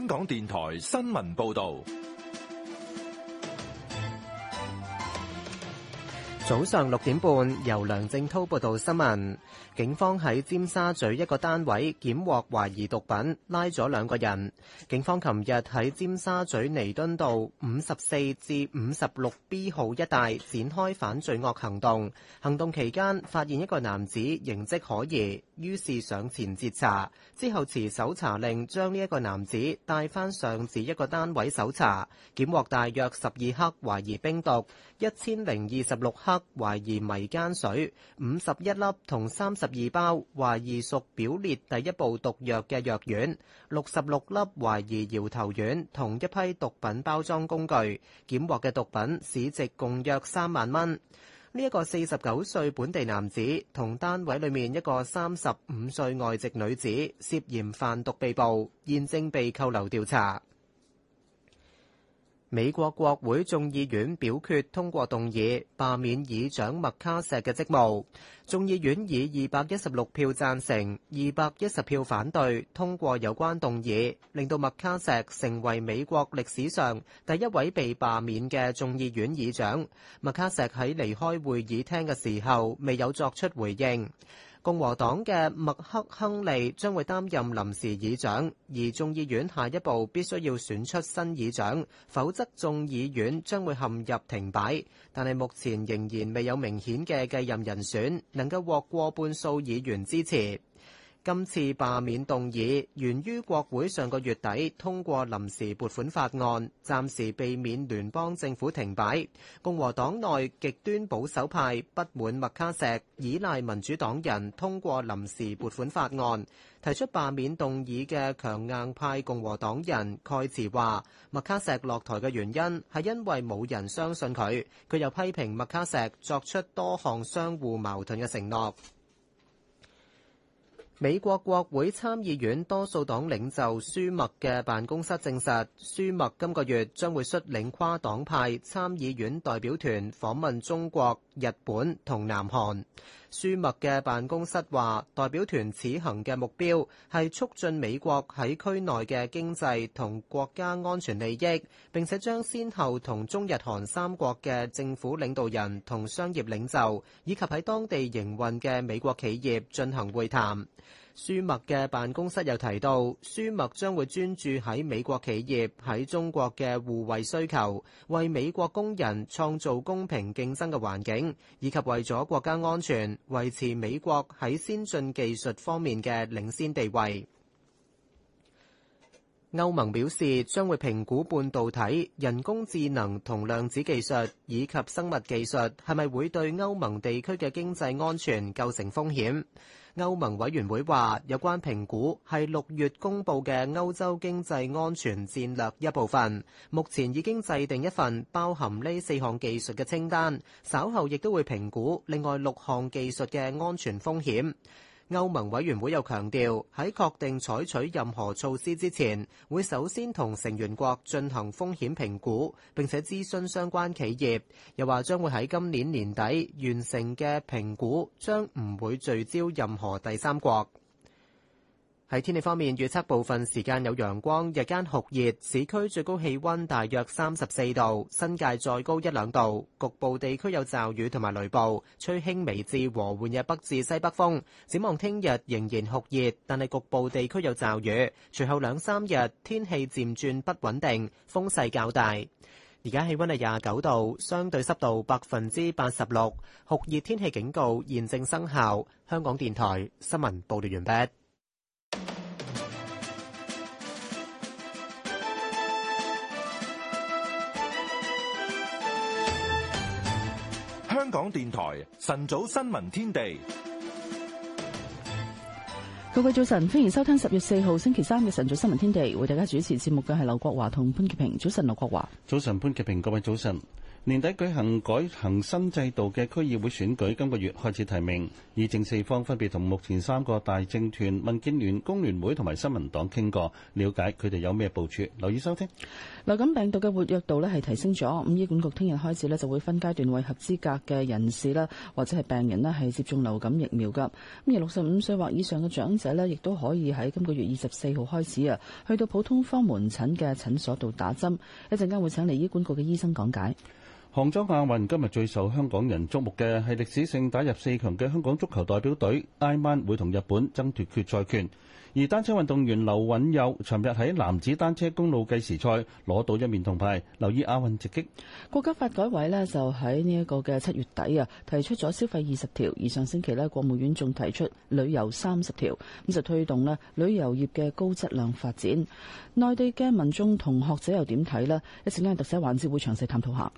香港電台新聞報道。早上六點半，由梁正滔報道新聞。警方喺尖沙咀一個單位檢獲懷疑毒品，拉咗兩個人。警方琴日喺尖沙咀彌敦道五十四至五十六 B 號一帶展開反罪惡行動。行動期間發現一個男子形跡可疑，於是上前截查，之後持搜查令將呢一個男子帶翻上至一個單位搜查，檢獲大約十二克懷疑冰毒、一千零二十六克，懷疑迷姦水五十一粒同三十二包懷疑屬表列第一部毒藥嘅藥丸六十六粒懷疑搖頭丸同一批毒品包裝工具，檢獲嘅毒品市值共約三萬蚊。呢一個四十九歲本地男子同單位裏面一個三十五歲外籍女子涉嫌販毒被捕，現正被扣留調查。美國國會眾議院表決通過動議，罷免議長麥卡錫嘅職務，眾議院以二百一十六票贊成、二百一十票反對通過有關動議，令到麥卡錫成為美國歷史上第一位被罷免嘅眾議院議長。麥卡錫喺離開會議廳嘅時候，未有作出回應。共和黨嘅麥克亨利將會擔任臨時議長，而眾議院下一步必須要選出新議長，否則眾議院將會陷入停擺。但係目前仍然未有明顯嘅繼任人選，能夠獲過半數議員支持。今次罷免動議源於國會上個月底通過臨時撥款法案，暫時避免聯邦政府停擺。共和黨內極端保守派不滿麥卡錫，依賴民主黨人通過臨時撥款法案，提出罷免動議嘅強硬派共和黨人蓋茨話：麥卡錫落台嘅原因係因為冇人相信佢。佢又批評麥卡錫作出多項相互矛盾嘅承諾。美國國會參議院多數黨領袖舒默嘅辦公室證實，舒默今個月將會率領跨黨派參議院代表團訪問中國、日本同南韓。舒默嘅辦公室話：代表團此行嘅目標係促進美國喺區內嘅經濟同國家安全利益，並且將先後同中日韓三國嘅政府領導人同商業領袖，以及喺當地營運嘅美國企業進行會談。舒默嘅辦公室又提到，舒默將會專注喺美國企業喺中國嘅互惠需求，為美國工人創造公平競爭嘅環境，以及為咗國家安全維持美國喺先進技術方面嘅領先地位。歐盟表示將會評估半導體、人工智能同量子技術以及生物技術係咪會對歐盟地區嘅經濟安全構成風險。歐盟委員會話，有關評估係六月公布嘅歐洲經濟安全戰略一部分，目前已經制定一份包含呢四項技術嘅清單，稍後亦都會評估另外六項技術嘅安全風險。歐盟委員會又強調，喺確定採取任何措施之前，會首先同成員國進行風險評估，並且諮詢相關企業。又話將會喺今年年底完成嘅評估，將唔會聚焦任何第三國。喺天氣方面，預測部分時間有陽光，日間酷熱，市區最高氣溫大約三十四度，新界再高一兩度，局部地區有驟雨同埋雷暴，吹輕微至和緩日北至西北風。展望聽日仍然酷熱，但係局部地區有驟雨。隨後兩三日天氣漸轉不穩定，風勢較大。而家氣溫係廿九度，相對濕度百分之八十六，酷熱天氣警告現正生效。香港電台新聞報道完畢。香港電台晨早新聞天地，各位早晨，歡迎收聽十月四號星期三嘅晨早新聞天地。為大家主持節目嘅係劉國華同潘潔平。早晨，劉國華。早晨，潘潔平。各位早晨。年底舉行改行新制度嘅區議會選舉，今個月開始提名。議政四方分別同目前三個大政團、民建聯、工聯會同埋新民黨傾過，了解佢哋有咩部署。留意收聽。流感病毒嘅活躍度呢係提升咗，咁醫管局聽日開始呢，就會分階段為合資格嘅人士啦，或者係病人啦係接種流感疫苗噶。咁而六十五歲或以上嘅長者呢，亦都可以喺今個月二十四號開始啊，去到普通科門診嘅診所度打針。一陣間會請嚟醫管局嘅醫生講解。杭州亞運今日最受香港人矚目嘅係歷史性打入四強嘅香港足球代表隊，挨晚會同日本爭奪決賽權。而單車運動員劉允祐尋日喺男子單車公路計時賽攞到一面銅牌。留意亞運直擊。國家發改委呢就喺呢一個嘅七月底啊，提出咗消費二十條，而上星期呢國務院仲提出旅遊三十條，咁就推動呢旅遊業嘅高質量發展。內地嘅民眾同學者又點睇呢？一陣間特寫環節會詳細探討下。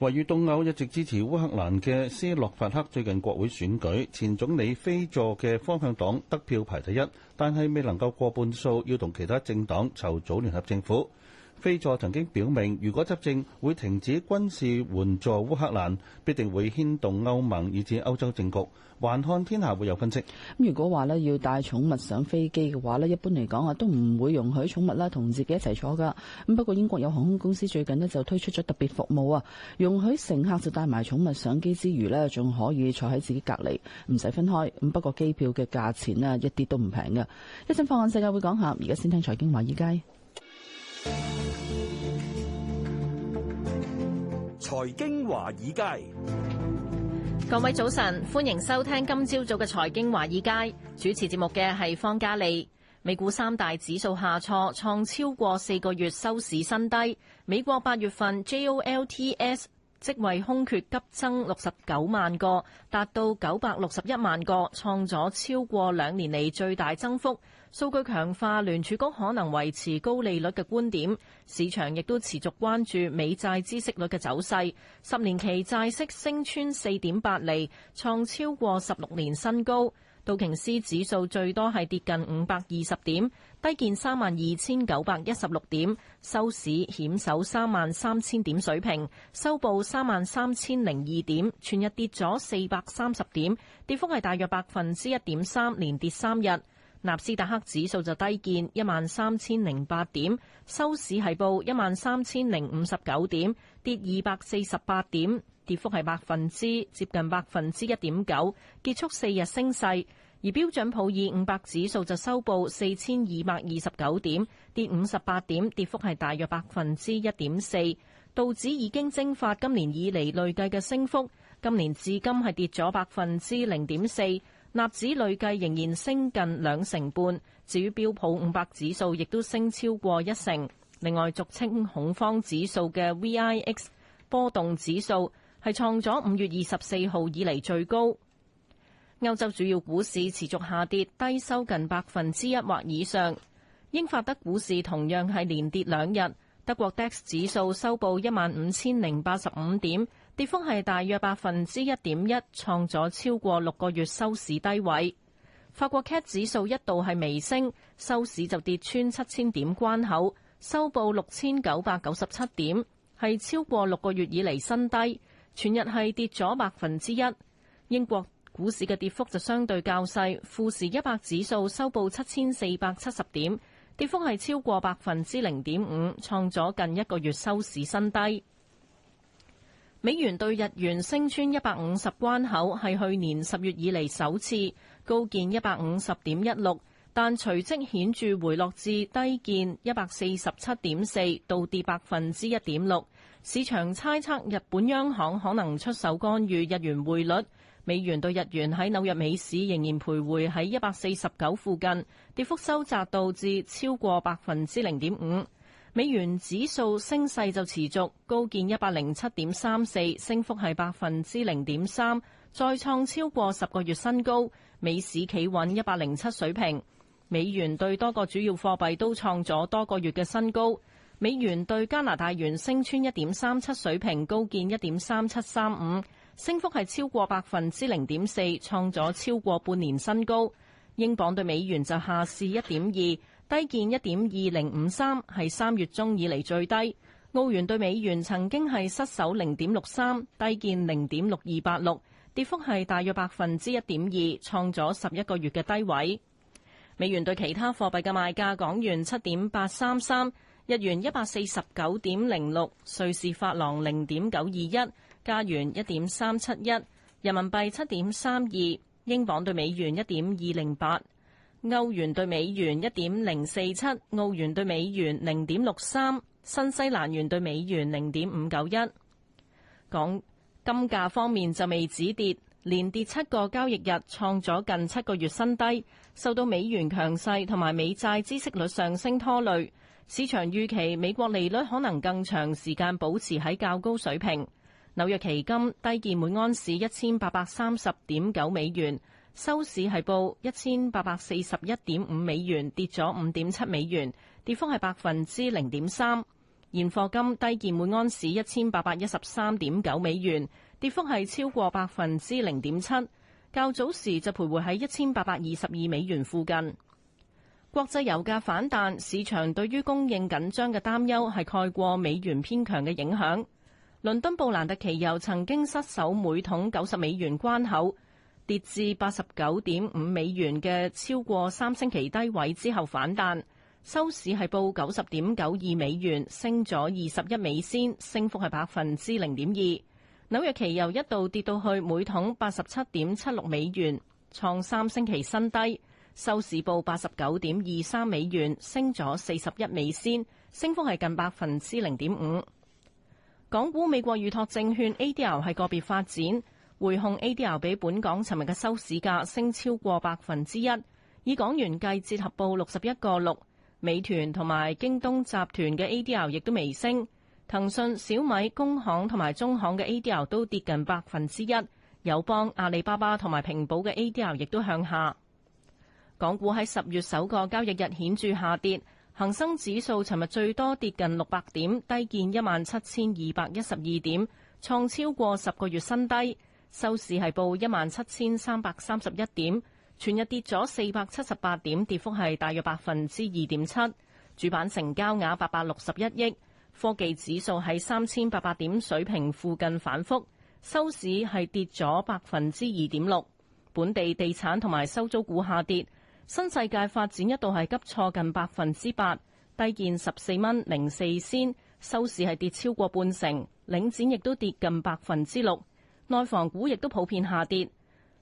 位於東歐一直支持烏克蘭嘅斯洛伐克最近國會選舉，前總理菲佐嘅方向黨得票排第一，但係未能夠過半數，要同其他政黨籌組聯合政府。菲佐曾經表明，如果執政會停止軍事援助烏克蘭，必定會牽動歐盟以至歐洲政局。還看天下會有分析。咁如果話呢要帶寵物上飛機嘅話呢，一般嚟講啊都唔會容許寵物啦同自己一齊坐噶。咁不過英國有航空公司最近呢就推出咗特別服務啊，容許乘客就帶埋寵物上機之餘呢，仲可以坐喺自己隔離，唔使分開。咁不過機票嘅價錢一啲都唔平㗎。一陣放眼世界會講下，而家先聽財經華爾街。財經華爾街，各位早晨，歡迎收聽今朝早嘅財經華爾街。主持節目嘅係方嘉利。美股三大指數下挫，創超過四個月收市新低。美國八月份 J O L T S 職位空缺急增六十九萬個，達到九百六十一萬個，創咗超過兩年嚟最大增幅。數據強化聯儲局可能維持高利率嘅觀點，市場亦都持續關注美債孳息率嘅走勢。十年期債息升穿四點八厘，創超過十六年新高。道瓊斯指數最多係跌近五百二十點，低見三萬二千九百一十六點，收市險守三萬三千點水平，收報三萬三千零二點，全日跌咗四百三十點，跌幅係大約百分之一點三，連跌三日。納斯達克指數就低見一萬三千零八點，收市係報一萬三千零五十九點，跌二百四十八點，跌幅係百分之接近百分之一點九，結束四日升勢。而標準普爾五百指數就收報四千二百二十九點，跌五十八點，跌幅係大約百分之一點四。道指已經蒸發今年以嚟累計嘅升幅，今年至今係跌咗百分之零點四。納指累計仍然升近兩成半，至於標普五百指數亦都升超過一成。另外，俗稱恐慌指數嘅 VIX 波動指數係創咗五月二十四號以嚟最高。歐洲主要股市持續下跌，低收近百分之一或以上。英法德股市同樣係連跌兩日，德國 DAX 指數收報一萬五千零八十五點。跌幅係大約百分之一點一，創咗超過六個月收市低位。法國 CAC 指數一度係微升，收市就跌穿七千點關口，收報六千九百九十七點，係超過六個月以嚟新低。全日係跌咗百分之一。英國股市嘅跌幅就相對較細，富時一百指數收報七千四百七十點，跌幅係超過百分之零點五，創咗近一個月收市新低。美元兌日元升穿一百五十關口，係去年十月以嚟首次高見一百五十點一六，但隨即顯著回落至低見一百四十七點四，倒跌百分之一點六。市場猜測日本央行可能出手干預日元匯率。美元兌日元喺紐約美市仍然徘徊喺一百四十九附近，跌幅收窄到至超過百分之零點五。美元指數升勢就持續，高見一百零七點三四，升幅係百分之零點三，再創超過十個月新高。美市企穩一百零七水平，美元對多個主要貨幣都創咗多個月嘅新高。美元對加拿大元升穿一點三七水平，高見一點三七三五，升幅係超過百分之零點四，創咗超過半年新高。英鎊對美元就下試一點二。低見一點二零五三，係三月中以嚟最低。澳元對美元曾經係失守零點六三，低見零點六二八六，跌幅係大約百分之一點二，創咗十一個月嘅低位。美元對其他貨幣嘅賣價：港元七點八三三，日元一百四十九點零六，瑞士法郎零點九二一，加元一點三七一，人民幣七點三二，英鎊對美元一點二零八。歐元對美元一點零四七，澳元對美元零點六三，新西蘭元對美元零點五九一。港金價方面就未止跌，連跌七個交易日，創咗近七個月新低，受到美元強勢同埋美債孳息率上升拖累，市場預期美國利率可能更長時間保持喺較高水平。紐約期金低見每盎司一千八百三十點九美元。收市係報一千八百四十一點五美元，跌咗五點七美元，跌幅係百分之零點三。現貨金低見每安士一千八百一十三點九美元，跌幅係超過百分之零點七。較早時就徘徊喺一千八百二十二美元附近。國際油價反彈，市場對於供應緊張嘅擔憂係蓋過美元偏強嘅影響。倫敦布蘭特期油曾經失守每桶九十美元關口。跌至八十九點五美元嘅超過三星期低位之後反彈，收市係報九十點九二美元，升咗二十一美仙，升幅係百分之零點二。紐約期油一度跌到去每桶八十七點七六美元，創三星期新低，收市報八十九點二三美元，升咗四十一美仙，升幅係近百分之零點五。港股美國預託證券 ADR 係個別發展。匯控 A.D.R. 比本港尋日嘅收市價升超過百分之一，以港元計折合報六十一個六。美團同埋京東集團嘅 A.D.R. 亦都微升，騰訊、小米、工行同埋中行嘅 A.D.R. 都跌近百分之一。友邦、阿里巴巴同埋平保嘅 A.D.R. 亦都向下。港股喺十月首個交易日顯著下跌，恒生指數尋日最多跌近六百點，低見一萬七千二百一十二點，創超過十個月新低。收市係報一萬七千三百三十一點，全日跌咗四百七十八點，跌幅係大約百分之二點七。主板成交額八百六十一億，科技指數喺三千八百點水平附近反復，收市係跌咗百分之二點六。本地地產同埋收租股下跌，新世界發展一度係急挫近百分之八，低見十四蚊零四仙，收市係跌超過半成，領展亦都跌近百分之六。內房股亦都普遍下跌。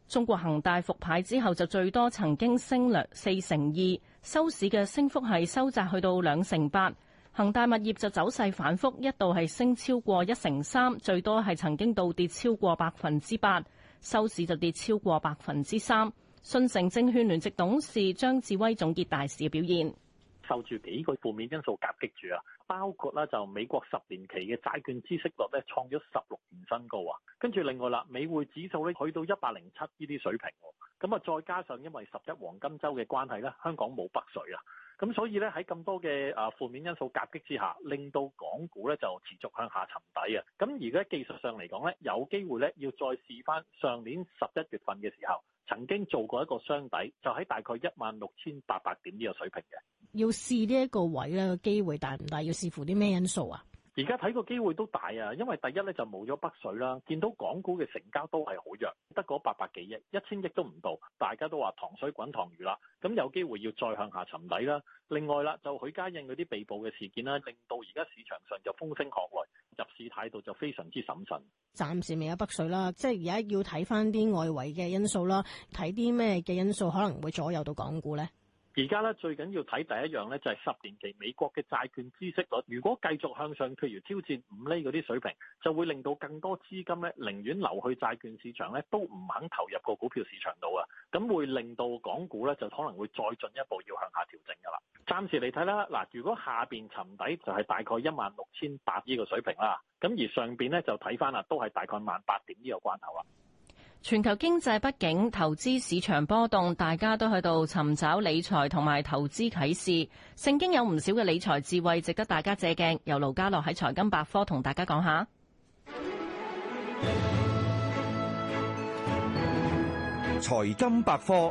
中國恒大復牌之後就最多曾經升略四成二，收市嘅升幅係收窄去到兩成八。恒大物業就走勢反覆，一度係升超過一成三，最多係曾經倒跌超過百分之八，收市就跌超過百分之三。信誠證券聯席董事張智威總結大市表現。受住幾個負面因素夾擊住啊，包括啦就美國十年期嘅債券孳息率咧創咗十六年新高啊，跟住另外啦美匯指數咧去到一百零七呢啲水平，咁啊再加上因為十一黃金週嘅關係咧，香港冇北水啊。咁所以咧喺咁多嘅啊負面因素夾擊之下，令到港股咧就持續向下沉底啊！咁而家技術上嚟講咧，有機會咧要再試翻上，上年十一月份嘅時候曾經做過一個雙底，就喺大概一萬六千八百點呢個水平嘅。要試呢一個位咧，機會大唔大？要視乎啲咩因素啊？而家睇個機會都大啊，因為第一咧就冇咗北水啦，見到港股嘅成交都係好弱，得嗰八百幾億，一千億都唔到，大家都話塘水滾塘魚啦，咁有機會要再向下沉底啦。另外啦，就許家印嗰啲被捕嘅事件啦、啊，令到而家市場上就風聲鶴唳，入市態度就非常之審慎。暫時未有北水啦，即係而家要睇翻啲外圍嘅因素啦，睇啲咩嘅因素可能會左右到港股咧？而家咧最緊要睇第一樣咧就係十年期美國嘅債券孳息率，如果繼續向上，譬如挑戰五厘嗰啲水平，就會令到更多資金咧寧願流去債券市場咧，都唔肯投入個股票市場度啊！咁會令到港股咧就可能會再進一步要向下調整噶啦。暫時嚟睇啦，嗱，如果下面沉底就係大概一萬六千八呢個水平啦，咁而上面咧就睇翻啦，都係大概萬八點呢個關頭啊。全球經濟不景，投資市場波動，大家都喺度尋找理財同埋投資啟示。聖經有唔少嘅理財智慧，值得大家借鏡。由盧家樂喺財金百科同大家講下。財金百科，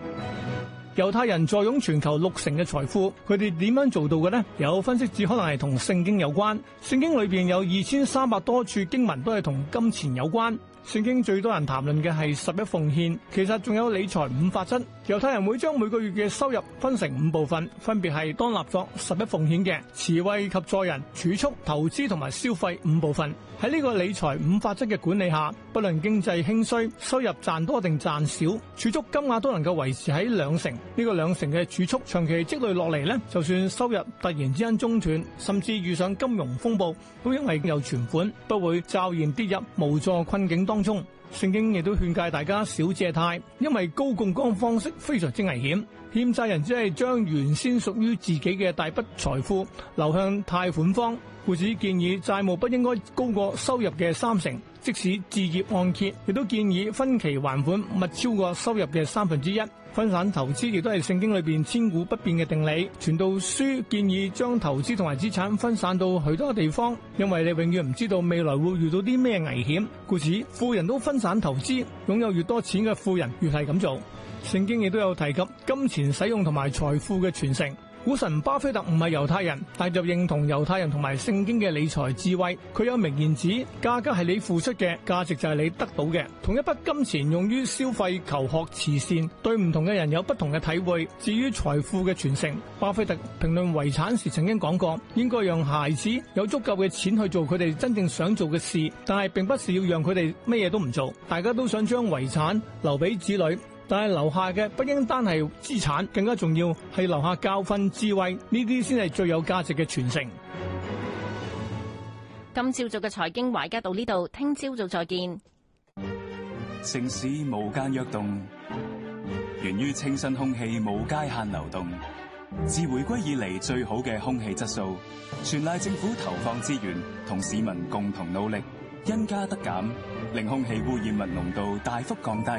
猶太人坐擁全球六成嘅財富，佢哋點樣做到嘅呢？有分析指可能係同聖經有關。聖經裏邊有二千三百多處經文都係同金錢有關。聖經最多人談論嘅係十一奉獻，其實仲有理財五法則。猶太人會將每個月嘅收入分成五部分，分別係當立作十一奉獻嘅、慈惠及助人、儲蓄、投資同埋消費五部分。喺呢個理財五法則嘅管理下，不論經濟興衰、收入賺多定賺少，儲蓄金額都能夠維持喺兩成。呢個兩成嘅儲蓄長期積累落嚟咧，就算收入突然之間中斷，甚至遇上金融風暴，都因為有存款，不會驟然跌入無助困境。當中，聖經亦都勸誡大家少借貸，因為高槓桿方式非常之危險。欠債人只係將原先屬於自己嘅大筆財富流向貸款方，故此建議債務不應該高過收入嘅三成，即使置業按揭，亦都建議分期還款，勿超過收入嘅三分之一。分散投資亦都係聖經裏面千古不變嘅定理。傳道書建議將投資同埋資產分散到許多地方，因為你永遠唔知道未來會遇到啲咩危險。故此，富人都分散投資，擁有越多錢嘅富人越係咁做。聖經亦都有提及金錢使用同埋財富嘅傳承。股神巴菲特唔係猶太人，但就認同猶太人同埋聖經嘅理財智慧。佢有名言指：價格係你付出嘅，價值就係你得到嘅。同一筆金錢用於消費、求學、慈善，對唔同嘅人有不同嘅體會。至於財富嘅傳承，巴菲特評論遺產時曾經講過：應該讓孩子有足夠嘅錢去做佢哋真正想做嘅事，但係並不是要讓佢哋乜嘢都唔做。大家都想將遺產留俾子女。但係留下嘅不應單係資產，更加重要係留下教訓、智慧，呢啲先係最有價值嘅傳承。今朝早嘅財經懷家到呢度，聽朝早再見。城市無間躍動，源於清新空氣無界限流動。自回歸以嚟最好嘅空氣質素，全賴政府投放資源同市民共同努力，因加得減，令空氣污染物濃度大幅降低。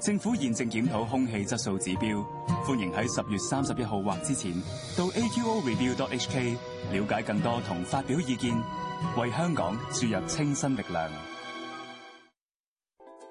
政府現正檢討空氣質素指標，歡迎喺十月三十一號或之前到 aqo review dot hk 了解更多同發表意見，為香港注入清新力量。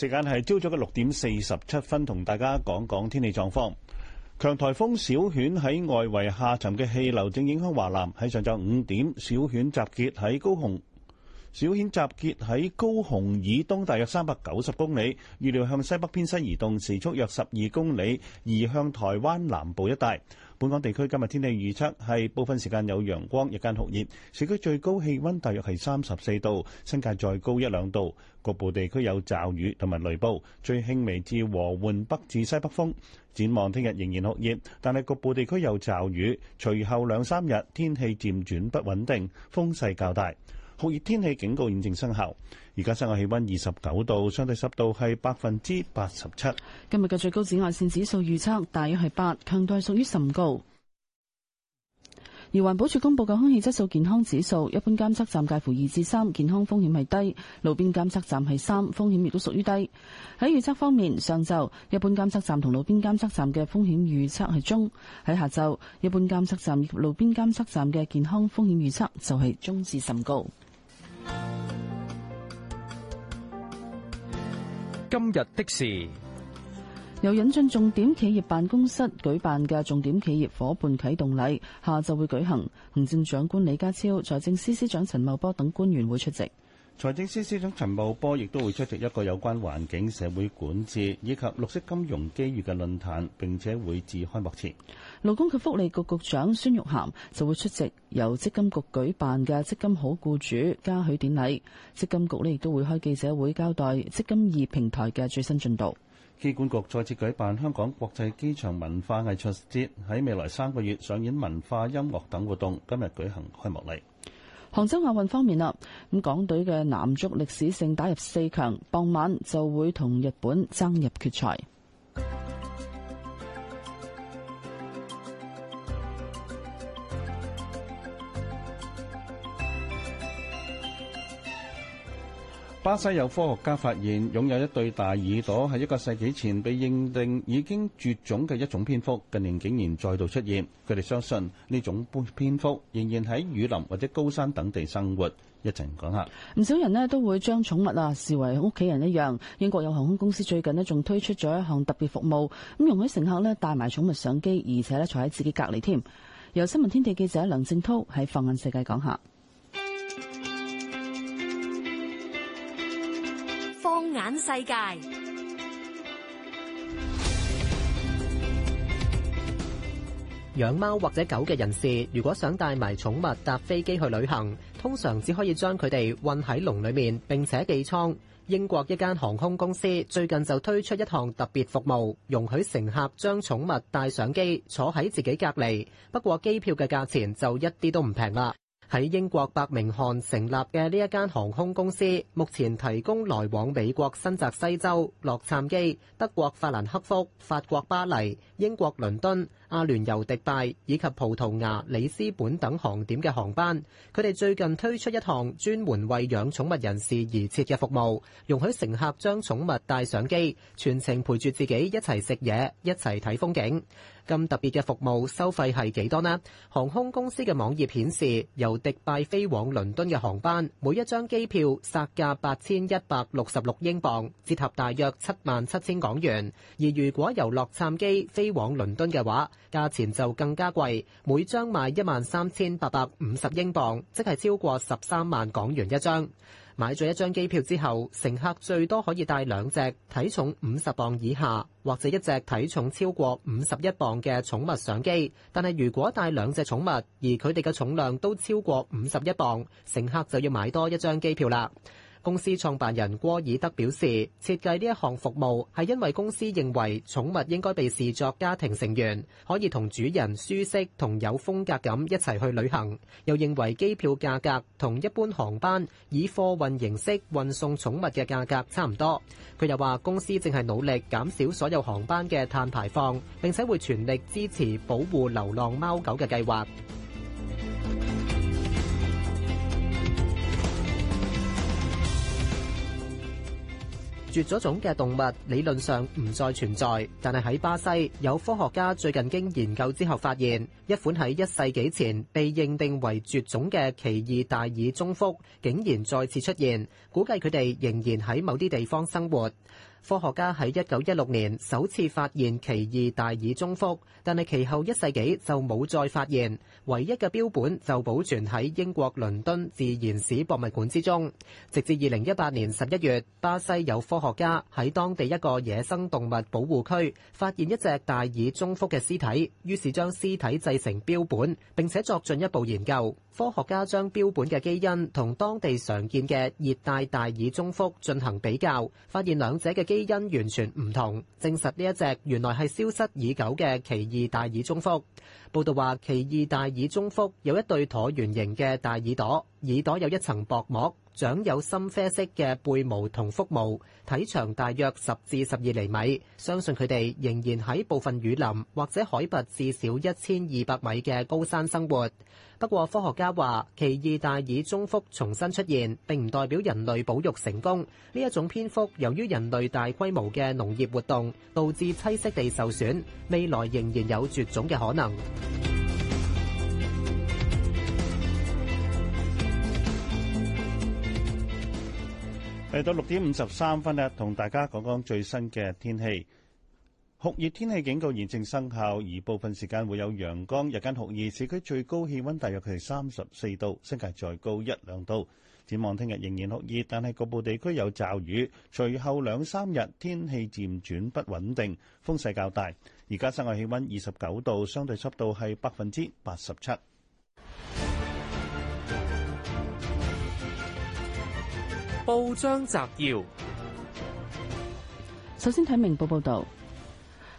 時間係朝早嘅六點四十七分，同大家講講天氣狀況。強颱風小犬喺外圍下沉嘅氣流正影響華南。喺上晝五點，小犬集結喺高雄，小犬集結喺高雄以東大約三百九十公里，預料向西北偏西移動，時速約十二公里，移向台灣南部一帶。本港地區今日天，天氣預測係部分時間有陽光，日間酷熱，市區最高氣温大約係三十四度，新界再高一兩度，局部地區有驟雨同埋雷暴，最輕微至和緩北至西北風。展望聽日仍然酷熱，但係局部地區有驟雨，隨後兩三日天，天氣漸轉不穩定，風勢較大。酷熱天氣警告現正生效，而家室外氣溫二十九度，相對濕度係百分之八十七。今日嘅最高紫外線指數預測大約係八，強度係屬於甚高。而環保署公布嘅空氣質素健康指數，一般監測站介乎二至三，健康風險係低；路邊監測站係三，風險亦都屬於低。喺預測方面，上晝一般監測站同路邊監測站嘅風險預測係中；喺下晝一般監測站及路邊監測站嘅健康風險預測就係中至甚高。今日的事由引進重點企業辦公室舉辦嘅重點企業夥伴啟動禮下晝會舉行，行政長官李家超、財政司司長陳茂波等官員會出席。財政司司長陳茂波亦都會出席一個有關環境、社會、管治，以及綠色金融機遇嘅論壇，並且會致開幕詞。勞工及福利局局長孫玉菡就會出席由積金局舉辦嘅積金好僱主嘉許典禮。積金局咧亦都會開記者會交代積金二平台嘅最新進度。機管局再次舉辦香港國際機場文化藝術節，喺未來三個月上演文化、音樂等活動。今日舉行開幕禮。杭州亞運方面啦，咁港隊嘅男足歷史性打入四強，傍晚就會同日本爭入決賽。巴西有科學家發現，擁有一對大耳朵喺一個世紀前被認定已經絕種嘅一種蝙蝠，近年竟然再度出現。佢哋相信呢種蝙蝠仍然喺雨林或者高山等地生活。一陣講下。唔少人呢都會將寵物啊，視為屋企人一樣。英國有航空公司最近呢仲推出咗一項特別服務，咁容許乘客呢帶埋寵物上機，而且呢坐喺自己隔離添。由新聞天地記者梁正濤喺放眼世界講下。眼世界，養貓或者狗嘅人士，如果想帶埋寵物搭飛機去旅行，通常只可以將佢哋韞喺籠裏面，並且寄倉。英國一間航空公司最近就推出一項特別服務，容許乘客將寵物帶上機，坐喺自己隔離。不過機票嘅價錢就一啲都唔平啦。喺英國伯明翰成立嘅呢一間航空公司，目前提供來往美國新澤西州、洛杉磯、德國法蘭克福、法國巴黎、英國倫敦、阿聯酋迪拜以及葡萄牙里斯本等航點嘅航班。佢哋最近推出一項專門為養寵物人士而設嘅服務，容許乘客將寵物帶上機，全程陪住自己一齊食嘢、一齊睇風景。咁特別嘅服務收費係幾多呢？航空公司嘅網頁顯示，由迪拜飛往倫敦嘅航班每一張機票殺價八千一百六十六英鎊，折合大約七萬七千港元。而如果由洛杉磯飛往倫敦嘅話，價錢就更加貴，每張賣一萬三千八百五十英鎊，即係超過十三萬港元一張。買咗一張機票之後，乘客最多可以帶兩隻體重五十磅以下，或者一隻體重超過五十一磅嘅寵物上機。但係如果帶兩隻寵物，而佢哋嘅重量都超過五十一磅，乘客就要買多一張機票啦。公司創辦人郭爾德表示，設計呢一項服務係因為公司認為寵物應該被視作家庭成員，可以同主人舒適同有風格噉一齊去旅行。又認為機票價格同一般航班以貨運形式運送寵物嘅價格差唔多。佢又話，公司正係努力減少所有航班嘅碳排放，並且會全力支持保護流浪貓狗嘅計劃。絕咗種嘅動物理論上唔再存在，但係喺巴西有科學家最近經研究之後發現，一款喺一世紀前被認定為絕種嘅奇異大耳棕蝠，竟然再次出現。估計佢哋仍然喺某啲地方生活。科學家喺一九一六年首次發現奇異大耳棕蝠，但係其後一世紀就冇再發現，唯一嘅標本就保存喺英國倫敦自然史博物館之中。直至二零一八年十一月，巴西有科學家喺當地一個野生動物保護區發現一隻大耳棕蝠嘅屍體，於是將屍體製成標本並且作進一步研究。科學家將標本嘅基因同當地常見嘅熱帶大耳棕蝠進行比較，發現兩者嘅基因完全唔同，證實呢一隻原來係消失已久嘅奇異大耳棕蝠。報道話，奇異大耳棕蝠有一對橢圓形嘅大耳朵。耳朵有一層薄膜，長有深啡色嘅背毛同腹毛，體長大約十至十二厘米。相信佢哋仍然喺部分雨林或者海拔至少一千二百米嘅高山生活。不過科學家話，奇異大耳棕蝠重新出現並唔代表人類保育成功。呢一種蝙蝠由於人類大規模嘅農業活動，導致棲息地受損，未來仍然有絕種嘅可能。嚟到六點五十三分咧，同大家講講最新嘅天氣。酷熱天氣警告現正生效，而部分時間會有陽光。日間酷熱，市區最高氣温大約係三十四度，新界再高一兩度。展望聽日仍然酷熱，但係局部地區有驟雨。隨後兩三日天氣漸轉不穩定，風勢較大。而家室外氣温二十九度，相對濕度係百分之八十七。報章摘要：首先睇明報報道，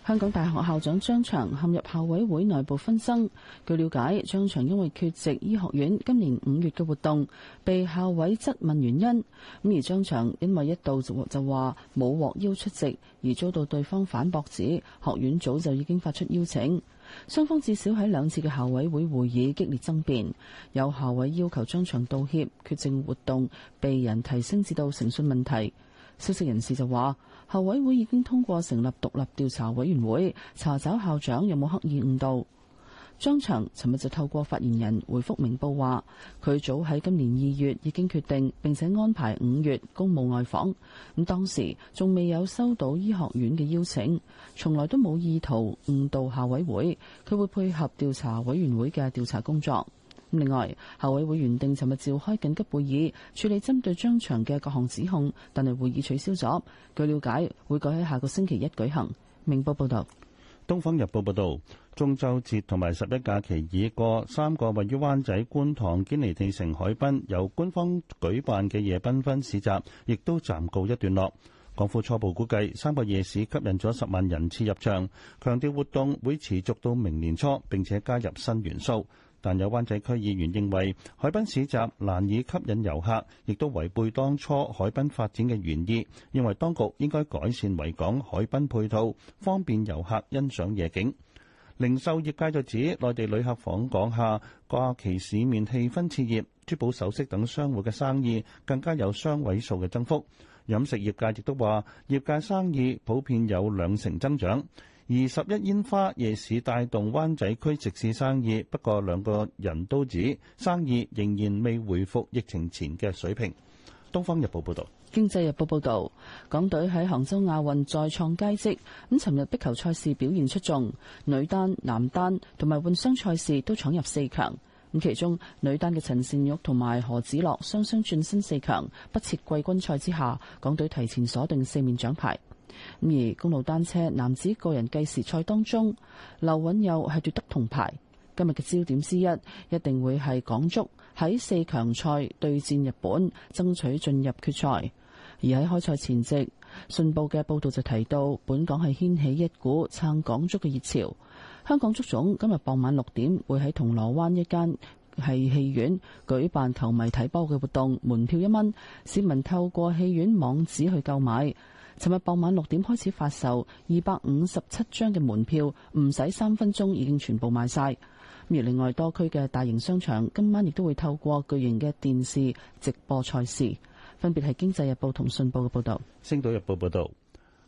香港大學校長張翔陷入校委會內部紛爭。據了解，張翔因為缺席醫學院今年五月嘅活動，被校委質問原因。咁而張翔因為一度就就話冇獲邀出席，而遭到對方反駁，指學院早就已經發出邀請。雙方至少喺兩次嘅校委會會議激烈爭辯，有校委要求張場道歉，決證活動，被人提升至到誠信問題。消息人士就話，校委會已經通過成立獨立調查委員會，查找校長有冇刻意誤導。張翔尋日就透過發言人回覆明報話，佢早喺今年二月已經決定，並且安排五月公務外訪，咁當時仲未有收到醫學院嘅邀請，從來都冇意圖誤導校委會，佢會配合調查委員會嘅調查工作。另外，校委會原定尋日召開緊急會議處理針對張翔嘅各項指控，但係會議取消咗，據了解會改喺下個星期一舉行。明報報道。《東方日報》報導，中秋節同埋十一假期已過，三個位於灣仔、觀塘、堅尼地城海濱由官方舉辦嘅夜繽紛市集，亦都暫告一段落。港府初步估計，三個夜市吸引咗十萬人次入場，強調活動會持續到明年初，並且加入新元素。但有灣仔區議員認為海濱市集難以吸引遊客，亦都違背當初海濱發展嘅原意，認為當局應該改善維港海濱配套，方便遊客欣賞夜景。零售業界就指，內地旅客訪港下假期市面氣氛熾熱，珠寶首飾等商戶嘅生意更加有雙位數嘅增幅。飲食業界亦都話，業界生意普遍有兩成增長。二十一煙花夜市帶動灣仔區食肆生意，不過兩個人都指生意仍然未恢復疫情前嘅水平。《東方日報》報導，《經濟日報》報導，港隊喺杭州亞運再創佳績。咁尋日壁球賽事表現出眾，女單、男單同埋混雙賽事都闖入四強。咁其中女單嘅陳善玉同埋何子樂雙雙轉身四強。不設季軍賽之下，港隊提前鎖定四面獎牌。而公路單車男子個人計時賽當中，劉允佑係奪得銅牌。今日嘅焦點之一，一定會係港足喺四強賽對戰日本，爭取進入決賽。而喺開賽前夕，《信報》嘅報道就提到，本港係掀起一股撐港足嘅熱潮。香港足總今日傍晚六點會喺銅鑼灣一間係戲院舉辦投迷球迷睇波嘅活動，門票一蚊，市民透過戲院網址去購買。尋日傍晚六點開始發售二百五十七張嘅門票，唔使三分鐘已經全部賣晒。而另外多區嘅大型商場今晚亦都會透過巨型嘅電視直播賽事，分別係《經濟日報》同《信報》嘅報道。《星島日報》報道：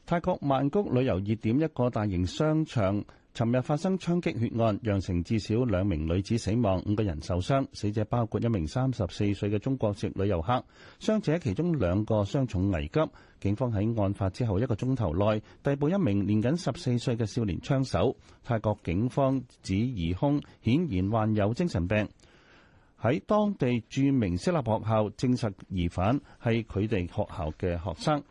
泰國曼谷旅遊熱點一個大型商場。尋日發生槍擊血案，造成至少兩名女子死亡，五個人受傷。死者包括一名三十四歲嘅中國籍旅遊客，傷者其中兩個傷重危急。警方喺案發之後一個鐘頭內逮捕一名年僅十四歲嘅少年槍手。泰國警方指疑兇顯然患有精神病，喺當地著名私立學校證實疑犯係佢哋學校嘅學生。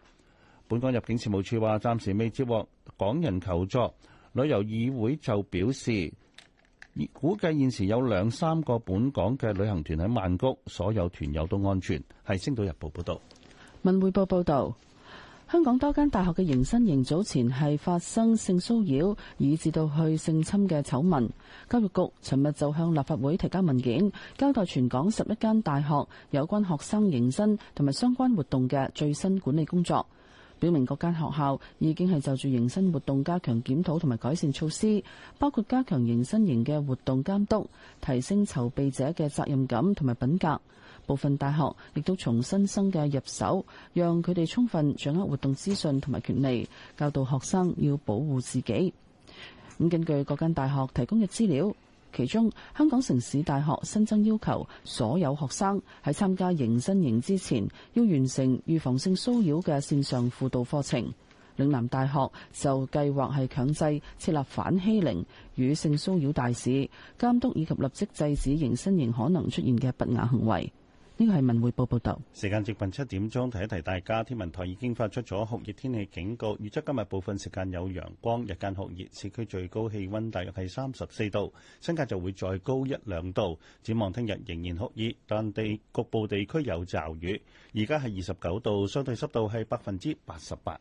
本港入境事務處話，暫時未接獲港人求助。旅遊議會就表示，估計現時有兩三個本港嘅旅行團喺曼谷，所有團友都安全。係《星島日報》報道，《文匯報》報道，香港多間大學嘅迎新營早前係發生性騷擾，以致到去性侵嘅醜聞。教育局尋日就向立法會提交文件，交代全港十一間大學有關學生迎新同埋相關活動嘅最新管理工作。表明各間學校已經係就住迎新活動加強檢討同埋改善措施，包括加強迎新營嘅活動監督，提升籌備者嘅責任感同埋品格。部分大學亦都從新生嘅入手，讓佢哋充分掌握活動資訊同埋權利，教導學生要保護自己。咁根據各間大學提供嘅資料。其中，香港城市大學新增要求所有學生喺參加迎新營之前，要完成預防性騷擾嘅線上輔導課程。嶺南大學就計劃係強制設立反欺凌與性騷擾大使監督，以及立即制止迎新營可能出現嘅不雅行為。呢係《文匯報》報道。時間接近七點鐘，提一提大家，天文台已經發出咗酷熱天氣警告。預測今日部分時間有陽光，日間酷熱，市區最高氣溫大約係三十四度，新界就會再高一兩度。展望聽日仍然酷熱，但地局部地區有驟雨。而家係二十九度，相對濕度係百分之八十八。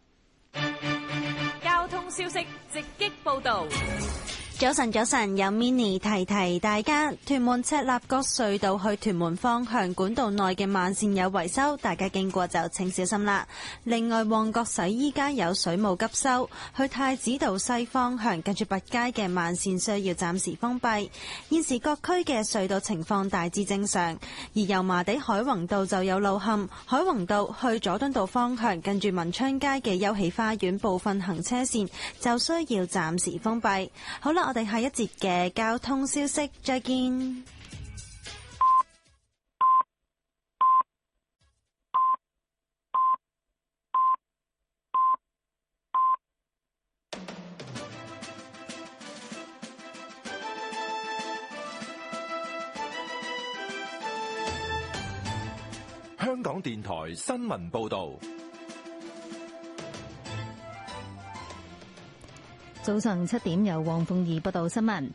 交通消息直擊報道。早晨，早晨，有 Mini 提提大家，屯門赤鱲角隧道去屯門方向管道內嘅慢綫有維修，大家經過就請小心啦。另外，旺角洗衣街有水務急修，去太子道西方向近住弼街嘅慢綫需要暫時封閉。現時各區嘅隧道情況大致正常，而油麻地海泓道就有路陷，海泓道去佐敦道方向近住文昌街嘅休憩花園部分行車綫就需要暫時封閉。好啦。我哋下一節嘅交通消息，再見。香港電台新聞報道。早上七點，由黃鳳儀報道新聞。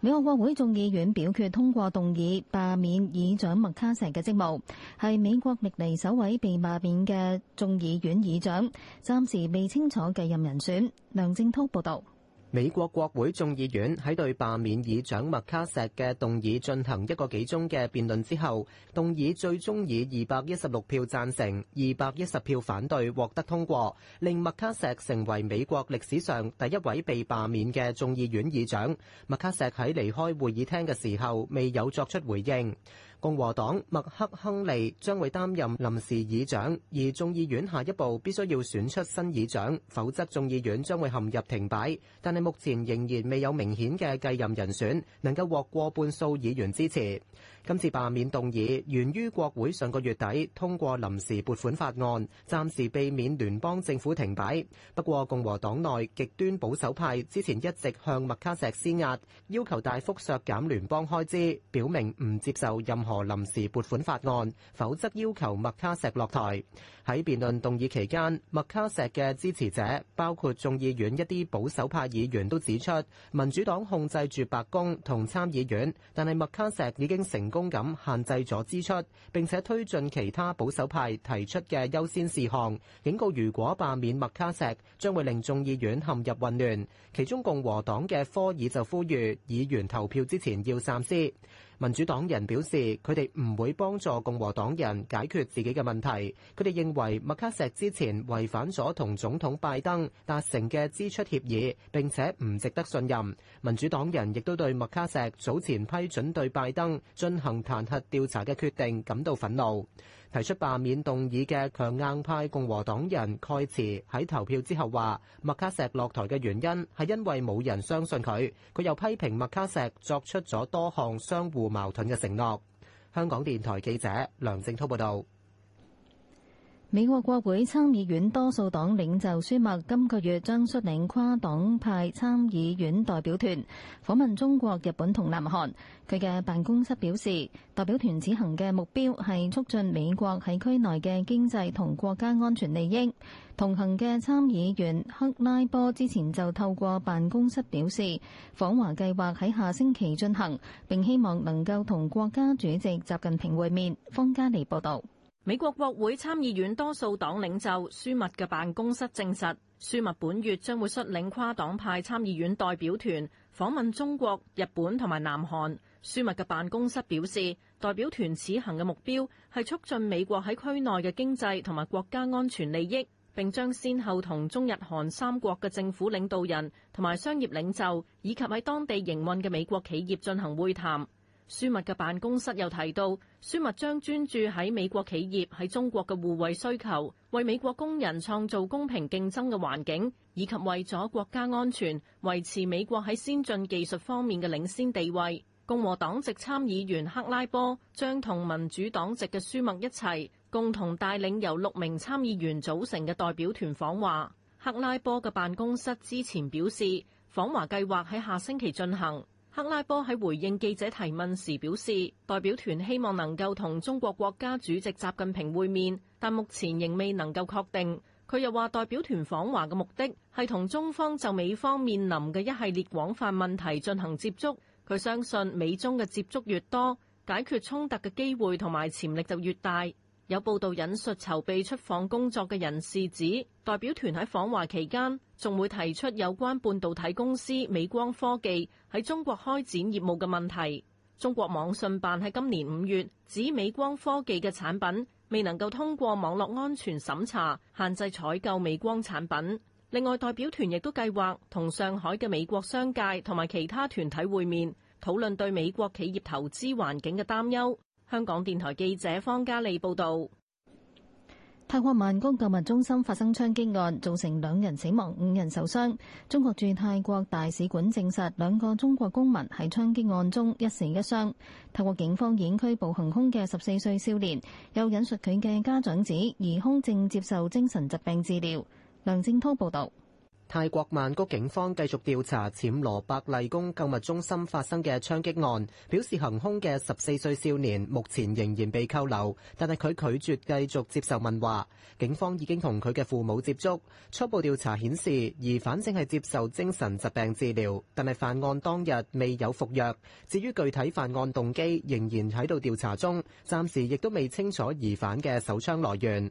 美國國會眾議院表決通過動議罷免議長麥卡錫嘅職務，係美國歷嚟首位被罷免嘅眾議院議長。暫時未清楚繼任人選。梁正濤報道。美國國會眾議院喺對罷免議長麥卡錫嘅動議進行一個幾鐘嘅辯論之後，動議最終以二百一十六票贊成、二百一十票反對獲得通過，令麥卡錫成，成為美國歷史上第一位被罷免嘅眾議院議長。麥卡錫喺離開會議廳嘅時候未有作出回應。共和黨麥克亨利將會擔任臨時議長，而眾議院下一步必須要選出新議長，否則眾議院將會陷入停擺。但係目前仍然未有明顯嘅繼任人選，能夠獲過半數議員支持。今次罷免動議源於國會上個月底通過臨時撥款法案，暫時避免聯邦政府停擺。不過共和黨內極端保守派之前一直向麥卡錫施壓，要求大幅削減聯邦開支，表明唔接受任何臨時撥款法案，否則要求麥卡錫落台。喺辯論動議期間，麥卡錫嘅支持者包括眾議院一啲保守派議員都指出，民主黨控制住白宮同參議院，但係麥卡錫已經成公咁限制咗支出，並且推進其他保守派提出嘅優先事項，警告：如果罷免麥卡錫將會令眾議院陷入混亂，其中共和黨嘅科爾就呼籲議員投票之前要三思。民主黨人表示，佢哋唔會幫助共和黨人解決自己嘅問題，佢哋認為麥卡錫之前違反咗同總統拜登達成嘅支出協議，並且唔值得信任。民主黨人亦都對麥卡錫早前批准對拜登進行彈劾調查嘅決定感到憤怒。提出罷免動議嘅強硬派共和黨人蓋茨喺投票之後話：麥卡錫落台嘅原因係因為冇人相信佢。佢又批評麥卡錫作出咗多項相互矛盾嘅承諾。香港電台記者梁正滔報道。美國國會參議院多數黨領袖舒默今個月將率領跨黨派參議院代表團訪問中國、日本同南韓。佢嘅辦公室表示，代表團此行嘅目標係促進美國喺區內嘅經濟同國家安全利益。同行嘅參議員克拉波之前就透過辦公室表示，訪華計劃喺下星期進行，並希望能夠同國家主席習近平會面。方嘉莉報導。美國國會參議院多數黨領袖舒默嘅辦公室證實，舒默本月將會率領跨黨派參議院代表團訪問中國、日本同埋南韓。舒默嘅辦公室表示，代表團此行嘅目標係促進美國喺區內嘅經濟同埋國家安全利益，並將先後同中日韓三國嘅政府領導人同埋商業領袖，以及喺當地營運嘅美國企業進行會談。舒默嘅辦公室又提到，舒默將專注喺美國企業喺中國嘅互惠需求，為美國工人創造公平競爭嘅環境，以及為咗國家安全維持美國喺先進技術方面嘅領先地位。共和黨籍參議員克拉波將同民主黨籍嘅舒默一齊，共同帶領由六名參議員組成嘅代表團訪華。克拉波嘅辦公室之前表示，訪華計劃喺下星期進行。克拉波喺回應記者提問時表示，代表團希望能夠同中國國家主席習近平會面，但目前仍未能夠確定。佢又話，代表團訪華嘅目的係同中方就美方面臨嘅一系列廣泛問題進行接觸。佢相信美中嘅接觸越多，解決衝突嘅機會同埋潛力就越大。有報道引述籌備出訪工作嘅人士指，代表團喺訪華期間。仲會提出有關半導體公司美光科技喺中國開展業務嘅問題。中國網信辦喺今年五月指美光科技嘅產品未能夠通過網絡安全審查，限制採購美光產品。另外，代表團亦都計劃同上海嘅美國商界同埋其他團體會面，討論對美國企業投資環境嘅擔憂。香港電台記者方嘉利報導。泰國曼谷購物中心發生槍擊案，造成兩人死亡、五人受傷。中國駐泰國大使館證實，兩個中國公民喺槍擊案中一死一傷。泰國警方已經拘捕行凶嘅十四歲少年，有引述佢嘅家長指，疑凶正接受精神疾病治療。梁正濤報道。泰國曼谷警方繼續調查暹羅百麗宮購物中心發生嘅槍擊案，表示行兇嘅十四歲少年目前仍然被扣留，但係佢拒絕繼續接受問話。警方已經同佢嘅父母接觸，初步調查顯示疑犯正係接受精神疾病治療，但係犯案當日未有服藥。至於具體犯案動機仍然喺度調查中，暫時亦都未清楚疑犯嘅手槍來源。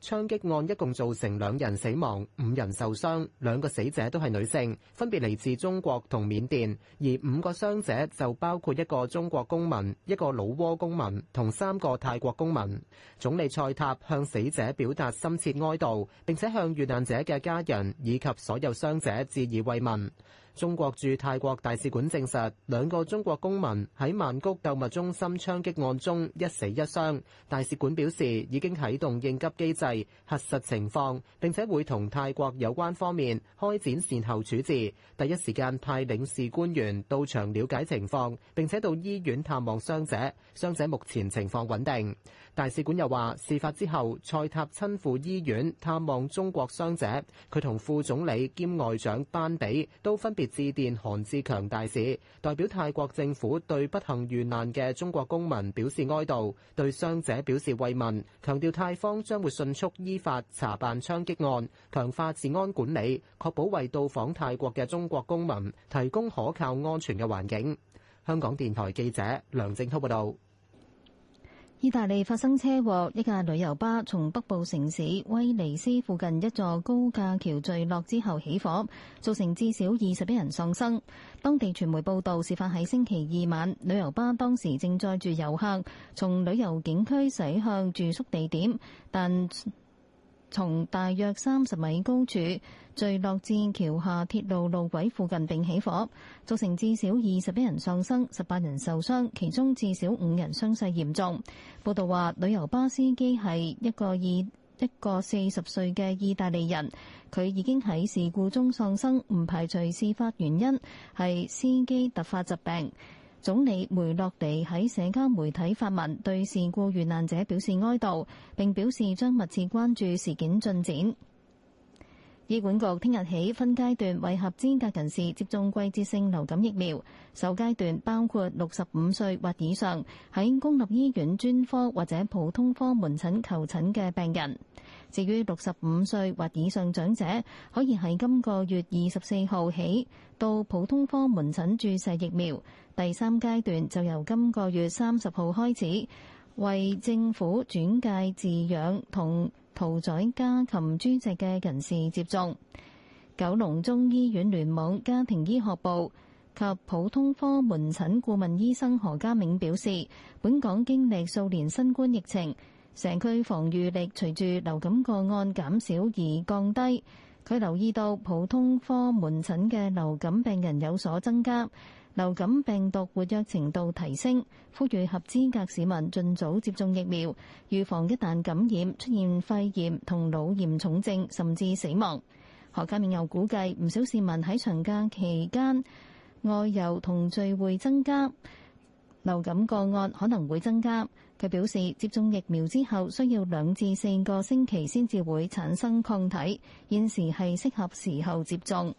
槍擊案一共造成兩人死亡、五人受傷，兩個死者都係女性，分別嚟自中國同緬甸，而五個傷者就包括一個中國公民、一個老撾公民同三個泰國公民。總理賽塔向死者表達深切哀悼，並且向遇難者嘅家人以及所有傷者致以慰問。中國駐泰國大使館證實，兩個中國公民喺曼谷購物中心槍擊案中一死一傷。大使館表示，已經啟動應急機制，核實情況，並且會同泰國有關方面開展善後處置，第一時間派領事官員到場了解情況，並且到醫院探望傷者，傷者目前情況穩定。大使館又話：事發之後，蔡塔親赴醫院探望中國傷者，佢同副總理兼外長班比都分別致電韓志強大使，代表泰國政府對不幸遇難嘅中國公民表示哀悼，對傷者表示慰問，強調泰方將會迅速依法查辦槍擊案，強化治安管理，確保為到訪泰國嘅中國公民提供可靠安全嘅環境。香港電台記者梁正滔報道。意大利發生車禍，一架旅遊巴從北部城市威尼斯附近一座高架橋墜落之後起火，造成至少二十一人喪生。當地傳媒報導，事發喺星期二晚，旅遊巴當時正載住遊客，從旅遊景區駛向住宿地點，但從大約三十米高處，墜落至橋下鐵路路軌附近並起火，造成至少二十一人喪生、十八人受傷，其中至少五人傷勢嚴重。報道話，旅遊巴司機係一個意一個四十歲嘅意大利人，佢已經喺事故中喪生，唔排除事發原因係司機突發疾病。總理梅洛尼喺社交媒體發文，對事故遇難者表示哀悼，並表示將密切關注事件進展。醫管局聽日起分階段為合資格人士接種季節性流感疫苗，首階段包括六十五歲或以上喺公立醫院專科或者普通科門診求診嘅病人。至於六十五歲或以上長者，可以喺今個月二十四號起到普通科門診注射疫苗。第三階段就由今個月三十號開始，為政府轉介治養同。屠宰家禽豬隻嘅人士接種。九龍中醫院聯網家庭醫學部及普通科門診顧問醫生何家銘表示，本港經歷數年新冠疫情，城區防禦力隨住流感個案減少而降低。佢留意到普通科門診嘅流感病人有所增加。流感病毒活躍程度提升，呼籲合資格市民盡早接種疫苗，預防一旦感染出現肺炎同腦炎重症，甚至死亡。何家明又估計，唔少市民喺長假期間外遊同聚會增加，流感個案可能會增加。佢表示，接種疫苗之後需要兩至四個星期先至會產生抗體，現時係適合時候接種。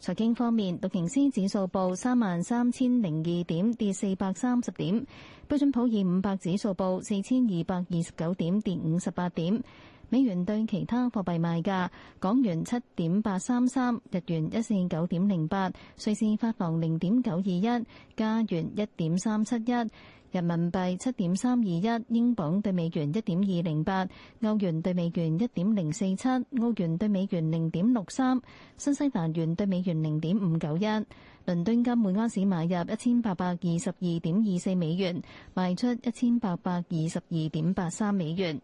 財經方面，道瓊斯指數報三萬三千零二點，跌四百三十點；標準普爾五百指數報四千二百二十九點，跌五十八點。美元對其他貨幣賣價，港元七點八三三，日元一四九點零八，瑞士法郎零點九二一，加元一點三七一。人民幣七點三二一，英鎊對美元一點二零八，歐元對美元一點零四七，歐元對美元零點六三，新西蘭元對美元零點五九一。倫敦金每盎司買入一千八百二十二點二四美元，賣出一千八百二十二點八三美元。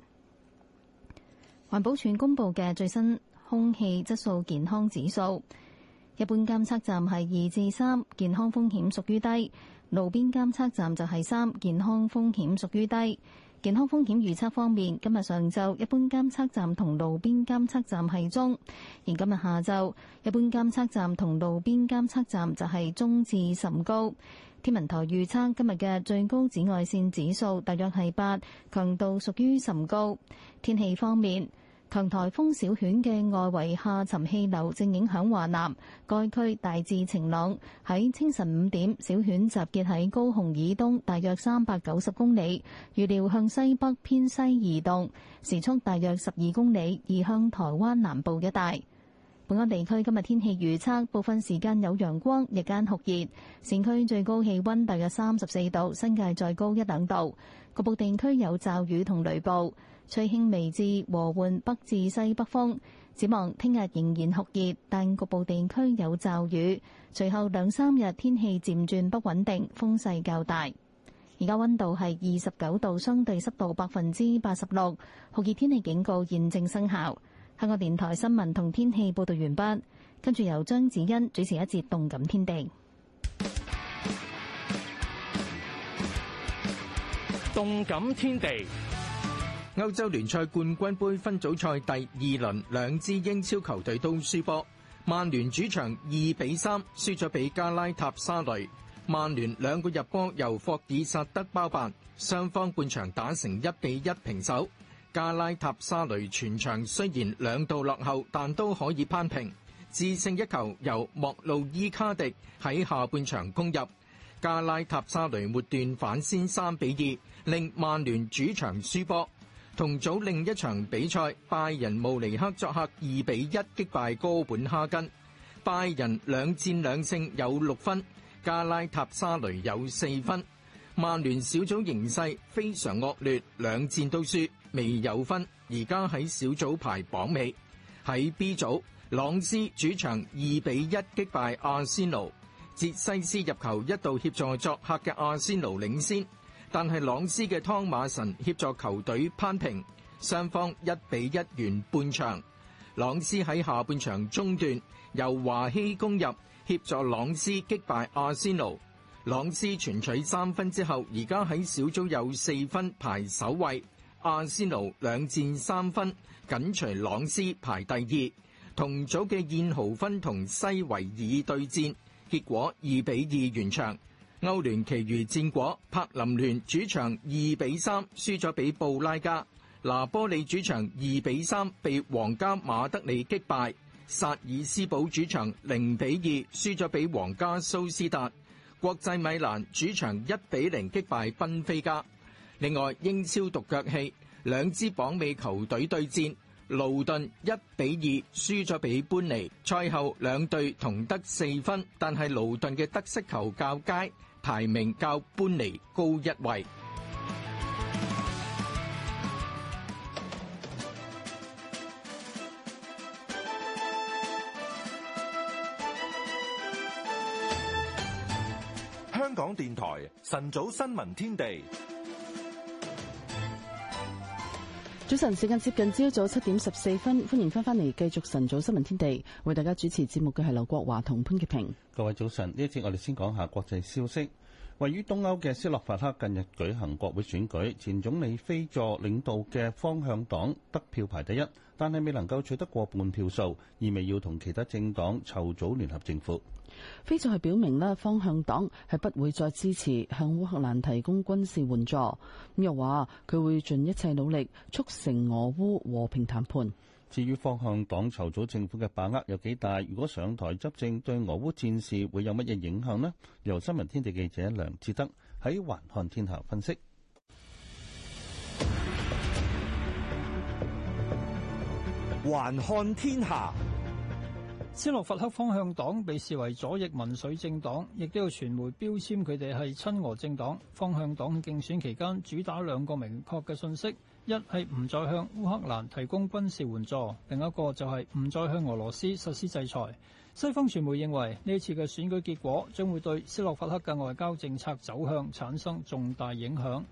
環保署公布嘅最新空氣質素健康指數，一般監測站係二至三，健康風險屬於低。路邊監測站就係三，健康風險屬於低。健康風險預測方面，今日上晝一般監測站同路邊監測站係中，而今日下晝一般監測站同路邊監測站就係中至甚高。天文台預測今日嘅最高紫外線指數大約係八，強度屬於甚高。天氣方面。強颱風小犬嘅外圍下沉氣流正影響華南，該區大致晴朗。喺清晨五點，小犬集結喺高雄以東，大約三百九十公里，預料向西北偏西移動，時速大約十二公里，移向台灣南部一帶。本港地區今日天氣預測部分時間有陽光，日間酷熱，市區最高氣温大約三十四度，新界再高一兩度。局部地區有驟雨同雷暴。吹輕微至和緩北至西北風，展望聽日仍然酷熱，但局部地區有驟雨。隨後兩三日天氣漸轉不穩定，風勢較大。而家温度係二十九度，相對濕度百分之八十六，酷熱天氣警告現正生效。香港電台新聞同天氣報道完畢，跟住由張子欣主持一節《動感天地》。《動感天地》歐洲聯賽冠軍杯分組賽第二輪，兩支英超球隊都輸波。曼聯主場二比三輸咗俾加拉塔沙雷。曼聯兩個入波由霍爾薩德包辦，雙方半場打成一比一平手。加拉塔沙雷全場雖然兩度落後，但都可以攀平，致勝一球由莫路伊卡迪喺下半場攻入。加拉塔沙雷末段反先三比二，令曼聯主場輸波。同組另一場比賽，拜仁慕尼黑作客2比1擊敗哥本哈根，拜仁兩戰兩勝有六分，加拉塔沙雷有四分。曼聯小組形勢非常惡劣，兩戰都輸未有分，而家喺小組排榜尾。喺 B 組，朗斯主場2比1擊敗阿仙奴，捷西斯入球一度協助作客嘅阿仙奴領先。但係朗斯嘅湯馬臣協助球隊攀平，雙方一比一完半場。朗斯喺下半場中段由華希攻入，協助朗斯擊敗阿仙奴。朗斯全取三分之後，而家喺小組有四分排首位。阿仙奴兩戰三分，緊隨朗斯排第二。同組嘅燕豪芬同西維爾對戰，結果二比二完場。歐聯其餘戰果：柏林聯主場二比三輸咗俾布拉加，拿波利主場二比三被皇家馬德里擊敗，薩爾斯堡主場零比二輸咗俾皇家蘇斯達，國際米蘭主場一比零擊敗賓菲加。另外英超獨腳戲，兩支榜尾球隊對,對戰，勞頓一比二輸咗俾班尼。賽後兩隊同得四分，但係勞頓嘅得失球較佳。排名較搬離高一位。香港電台晨早新聞天地。早晨，時間接近朝早七點十四分，歡迎翻返嚟繼續晨早新聞天地，為大家主持節目嘅係劉國華同潘潔平。各位早晨，呢一節我哋先講下國際消息。位於東歐嘅斯洛伐克近日舉行國會選舉，前總理菲佐領導嘅方向黨得票排第一。但係未能夠取得過半票數，意味要同其他政黨籌組聯合政府。非仲係表明呢，方向黨係不會再支持向烏克蘭提供軍事援助。咁又話佢會盡一切努力促成俄烏和平談判。至於方向黨籌組政府嘅把握有幾大？如果上台執政對俄烏戰事會有乜嘢影響呢？由新聞天地記者梁志德喺環看天下分析。還看天下，斯洛伐克方向黨被視為左翼民粹政黨，亦都有傳媒標籤佢哋係親俄政黨。方向黨競選期間主打兩個明確嘅信息，一係唔再向烏克蘭提供軍事援助，另一個就係唔再向俄羅斯實施制裁。西方傳媒認為呢次嘅選舉結果將會對斯洛伐克嘅外交政策走向產生重大影響。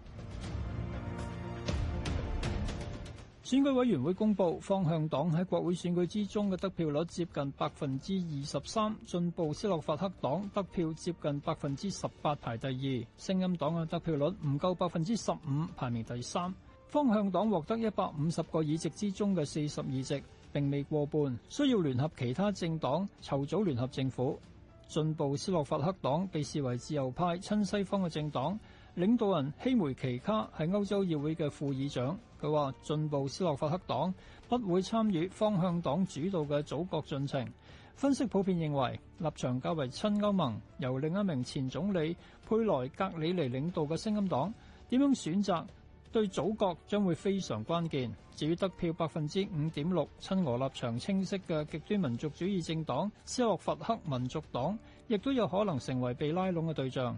選舉委員會公布，方向黨喺國會選舉之中嘅得票率接近百分之二十三，進步斯洛伐克黨得票接近百分之十八，排第二。聲音黨嘅得票率唔夠百分之十五，排名第三。方向黨獲得一百五十個議席之中嘅四十二席，並未過半，需要聯合其他政黨籌組聯合政府。進步斯洛伐克黨被視為自由派、親西方嘅政黨，領導人希梅奇卡係歐洲議會嘅副議長。佢話進步斯洛伐克黨不會參與方向黨主導嘅組閣進程。分析普遍認為立場較為親歐盟，由另一名前總理佩萊格里尼領導嘅聲音黨點樣選擇對組閣將會非常關鍵。至於得票百分之五點六、親俄立場清晰嘅極端民族主義政黨斯洛伐克民族黨，亦都有可能成為被拉攏嘅對象。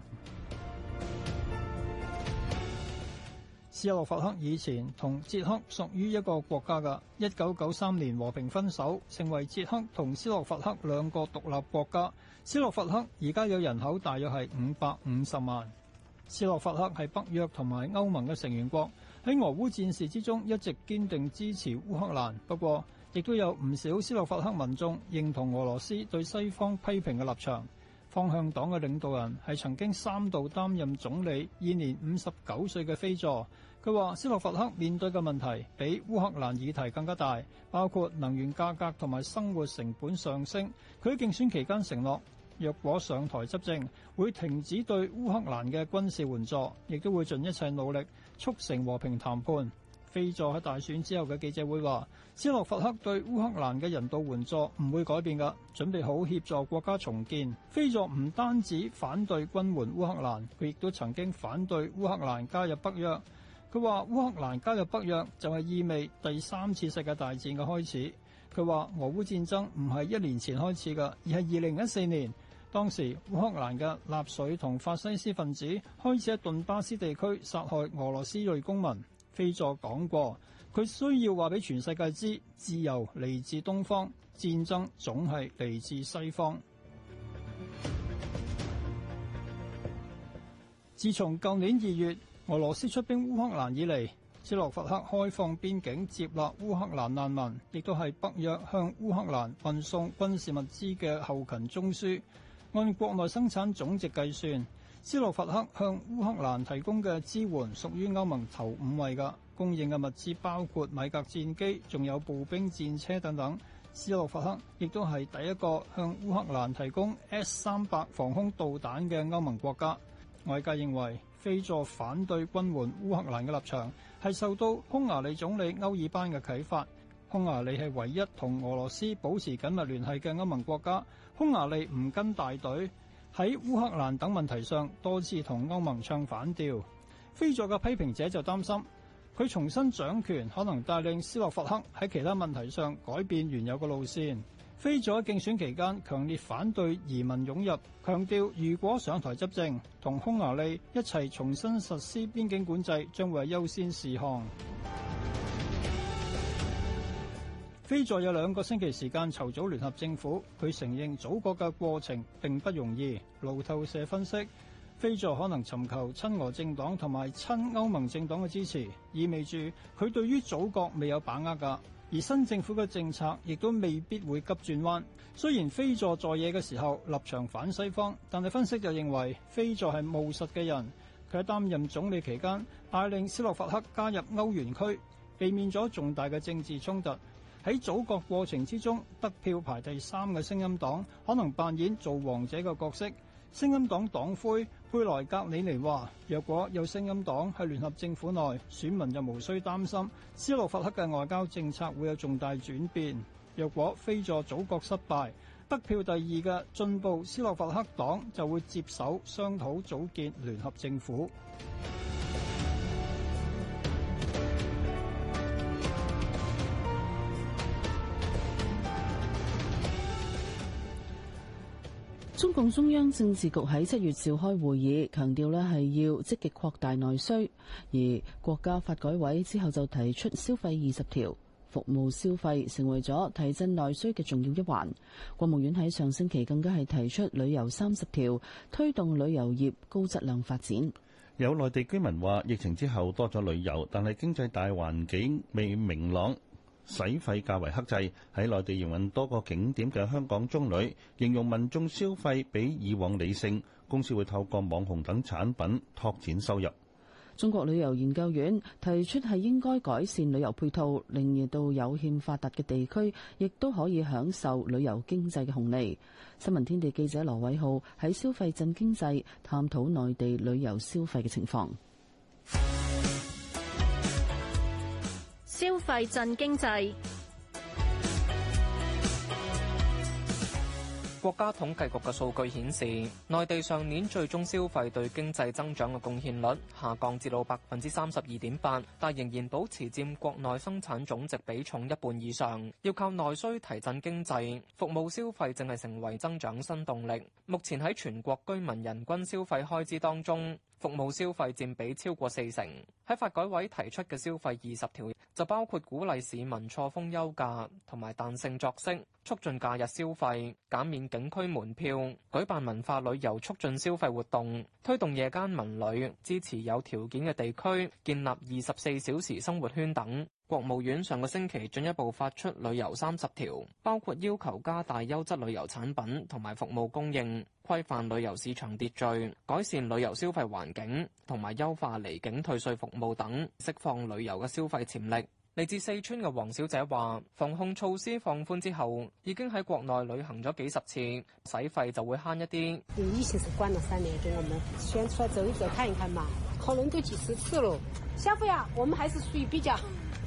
斯洛伐克以前同捷克屬於一個國家噶，一九九三年和平分手，成為捷克同斯洛伐克兩個獨立國家。斯洛伐克而家有人口大約係五百五十萬。斯洛伐克係北約同埋歐盟嘅成員國，喺俄烏戰事之中一直堅定支持烏克蘭，不過亦都有唔少斯洛伐克民眾認同俄羅斯對西方批評嘅立場。方向黨嘅領導人係曾經三度擔任總理，現年五十九歲嘅飛佐。佢話：斯洛伐克面對嘅問題比烏克蘭議題更加大，包括能源價格同埋生活成本上升。佢喺競選期間承諾，若果上台執政，會停止對烏克蘭嘅軍事援助，亦都會盡一切努力促成和平談判。菲佐喺大選之後嘅記者會話：斯洛伐克對烏克蘭嘅人道援助唔會改變㗎，準備好協助國家重建。菲佐唔單止反對軍援烏克蘭，佢亦都曾經反對烏克蘭加入北約。佢話烏克蘭加入北約就係意味第三次世界大戰嘅開始。佢話俄烏戰爭唔係一年前開始㗎，而係二零一四年，當時烏克蘭嘅納粹同法西斯分子開始喺頓巴斯地區殺害俄羅斯裔公民。菲佐講過，佢需要話俾全世界知，自由嚟自東方，戰爭總係嚟自西方。自從舊年二月俄羅斯出兵烏克蘭以嚟，斯洛伐克開放邊境接納烏克蘭難民，亦都係北約向烏克蘭運送軍事物資嘅後勤中樞。按國內生產總值計算，斯洛伐克向烏克蘭提供嘅支援屬於歐盟頭五位嘅供應嘅物資包括米格戰機，仲有步兵戰車等等。斯洛伐克亦都係第一個向烏克蘭提供 S 三百防空導彈嘅歐盟國家。外界認為，菲佐反對軍援烏克蘭嘅立場係受到匈牙利總理歐爾班嘅啟發。匈牙利係唯一同俄羅斯保持緊密聯繫嘅歐盟國家。匈牙利唔跟大隊。喺烏克蘭等問題上多次同歐盟唱反調，菲佐嘅批評者就擔心佢重新掌權可能帶領斯洛伐克喺其他問題上改變原有嘅路線。菲佐喺競選期間強烈反對移民湧入，強調如果上台執政，同匈牙利一齊重新實施邊境管制將會係優先事項。菲佐有兩個星期時間籌組聯合政府。佢承認祖國嘅過程並不容易。路透社分析，菲佐可能尋求親俄政黨同埋親歐盟政黨嘅支持，意味住佢對於祖國未有把握噶。而新政府嘅政策亦都未必會急轉彎。雖然菲佐在，在野嘅時候立場反西方，但係分析就認為菲佐係務實嘅人。佢喺擔任總理期間，帶領斯洛伐克加入歐元區，避免咗重大嘅政治衝突。喺組閣過程之中，得票排第三嘅聲音黨可能扮演做王者嘅角色。聲音黨黨魁佩萊格里尼話，若果有聲音黨喺聯合政府內，選民就無需擔心斯洛伐克嘅外交政策會有重大轉變。若果非助組閣失敗，得票第二嘅進步斯洛伐克黨就會接手商討組建聯合政府。中共中央政治局喺七月召開會議，強調咧係要積極擴大內需，而國家發改委之後就提出消費二十條，服務消費成為咗提振內需嘅重要一環。國務院喺上星期更加係提出旅遊三十條，推動旅遊業高質量發展。有內地居民話：疫情之後多咗旅遊，但係經濟大環境未明朗。使費較為克制，喺內地營運多個景點嘅香港中旅形容民眾消費比以往理性，公司會透過網紅等產品拓展收入。中國旅遊研究院提出係應該改善旅遊配套，令到有欠發達嘅地區亦都可以享受旅遊經濟嘅紅利。新聞天地記者羅偉浩喺消費振經濟探討內地旅遊消費嘅情況。消費振經濟。國家統計局嘅數據顯示，內地上年最終消費對經濟增長嘅貢獻率下降至到百分之三十二點八，但仍然保持佔國內生產總值比重一半以上。要靠內需提振經濟，服務消費正係成為增長新動力。目前喺全國居民人均消費開支當中。服務消費佔比超過四成，喺發改委提出嘅消費二十條就包括鼓勵市民錯峰休假同埋彈性作息，促進假日消費，減免景區門票，舉辦文化旅遊促進消費活動，推動夜間文旅，支持有條件嘅地區建立二十四小時生活圈等。國務院上個星期進一步發出旅遊三十條，包括要求加大優質旅遊產品同埋服務供應，規範旅遊市場秩序，改善旅遊消費環境，同埋優化離境退稅服務等，釋放旅遊嘅消費潛力。嚟自四川嘅黃小姐話：防控措施放寬之後，已經喺國內旅行咗幾十次，使費就會慳一啲。你以前是關咗三年，咁我，我們先出來走一走，看一看嘛，可能都幾十次了，消費啊，我們還是屬於比較。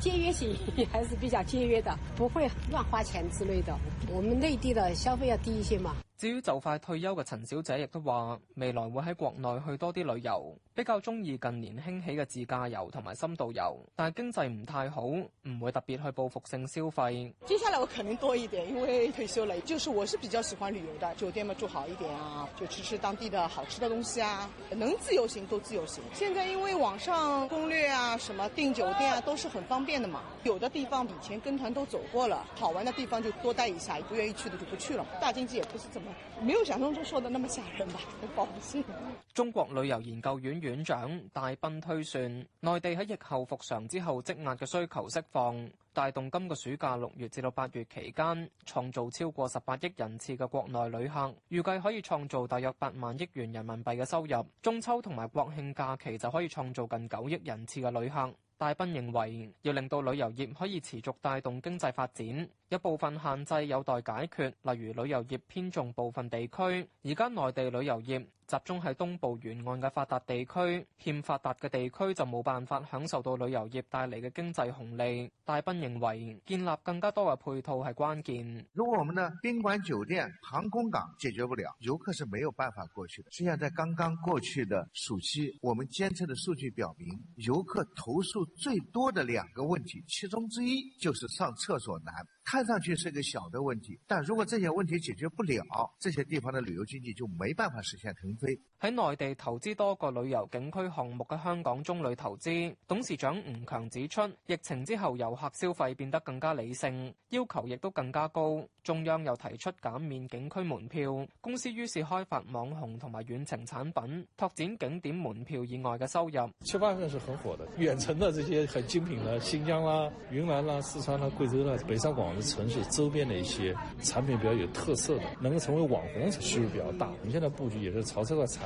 節約型還是比較節約的，不會亂花錢之類的。我們內地的消費要低一些嘛。至於就快退休嘅陳小姐亦都話：未來會喺國內去多啲旅遊，比較中意近年興起嘅自駕遊同埋深度遊，但係經濟唔太好，唔會特別去報復性消費。接下來我肯定多一點，因為退休了，就是我是比較喜歡旅遊的，酒店咪住好一點啊，就吃吃當地的好吃嘅東西啊，能自由行都自由行。現在因為網上攻略啊、什麼訂酒店啊，都是很方便的嘛。有的地方以前跟團都走過了，好玩的地方就多待一下，不願意去的就不去了。大經濟也不是怎麼。沒有想象中說的那麼嚇人吧，我放心。中國旅遊研究院院長大斌推算，內地喺疫後復常之後積壓嘅需求釋放，帶動今個暑假六月至到八月期間，創造超過十八億人次嘅國內旅客，預計可以創造大約八萬億元人民幣嘅收入。中秋同埋國慶假期就可以創造近九億人次嘅旅客。大斌認為，要令到旅遊業可以持續帶動經濟發展。一部分限制有待解決，例如旅遊業偏重部分地區，而家內地旅遊業集中喺東部沿岸嘅發達地區，欠發達嘅地區就冇辦法享受到旅遊業帶嚟嘅經濟紅利。大斌認為，建立更加多嘅配套係關鍵，如果我們的賓館酒店、航空港解決不了，遊客是沒有辦法過去嘅。實際上在剛剛過去的暑期，我們監測的數據表明，遊客投訴最多的兩個問題，其中之一就是上廁所難。看上去是個小的問題，但如果這些問題解決不了，這些地方的旅遊經濟就沒辦法實現騰飛。喺內地投資多個旅遊景區項目嘅香港中旅投資董事長吳強指出，疫情之後遊客消費變得更加理性，要求亦都更加高。中央又提出減免景區門票，公司於是開發網紅同埋遠程產品，拓展景點門票以外嘅收入。七八月份是很火的，遠程的這些很精品的，新疆啦、雲南啦、四川啦、貴州啦、北上廣的城市周邊的一些產品比較有特色的，能夠成為網紅需求比較大。我們現在佈局也是朝這個產。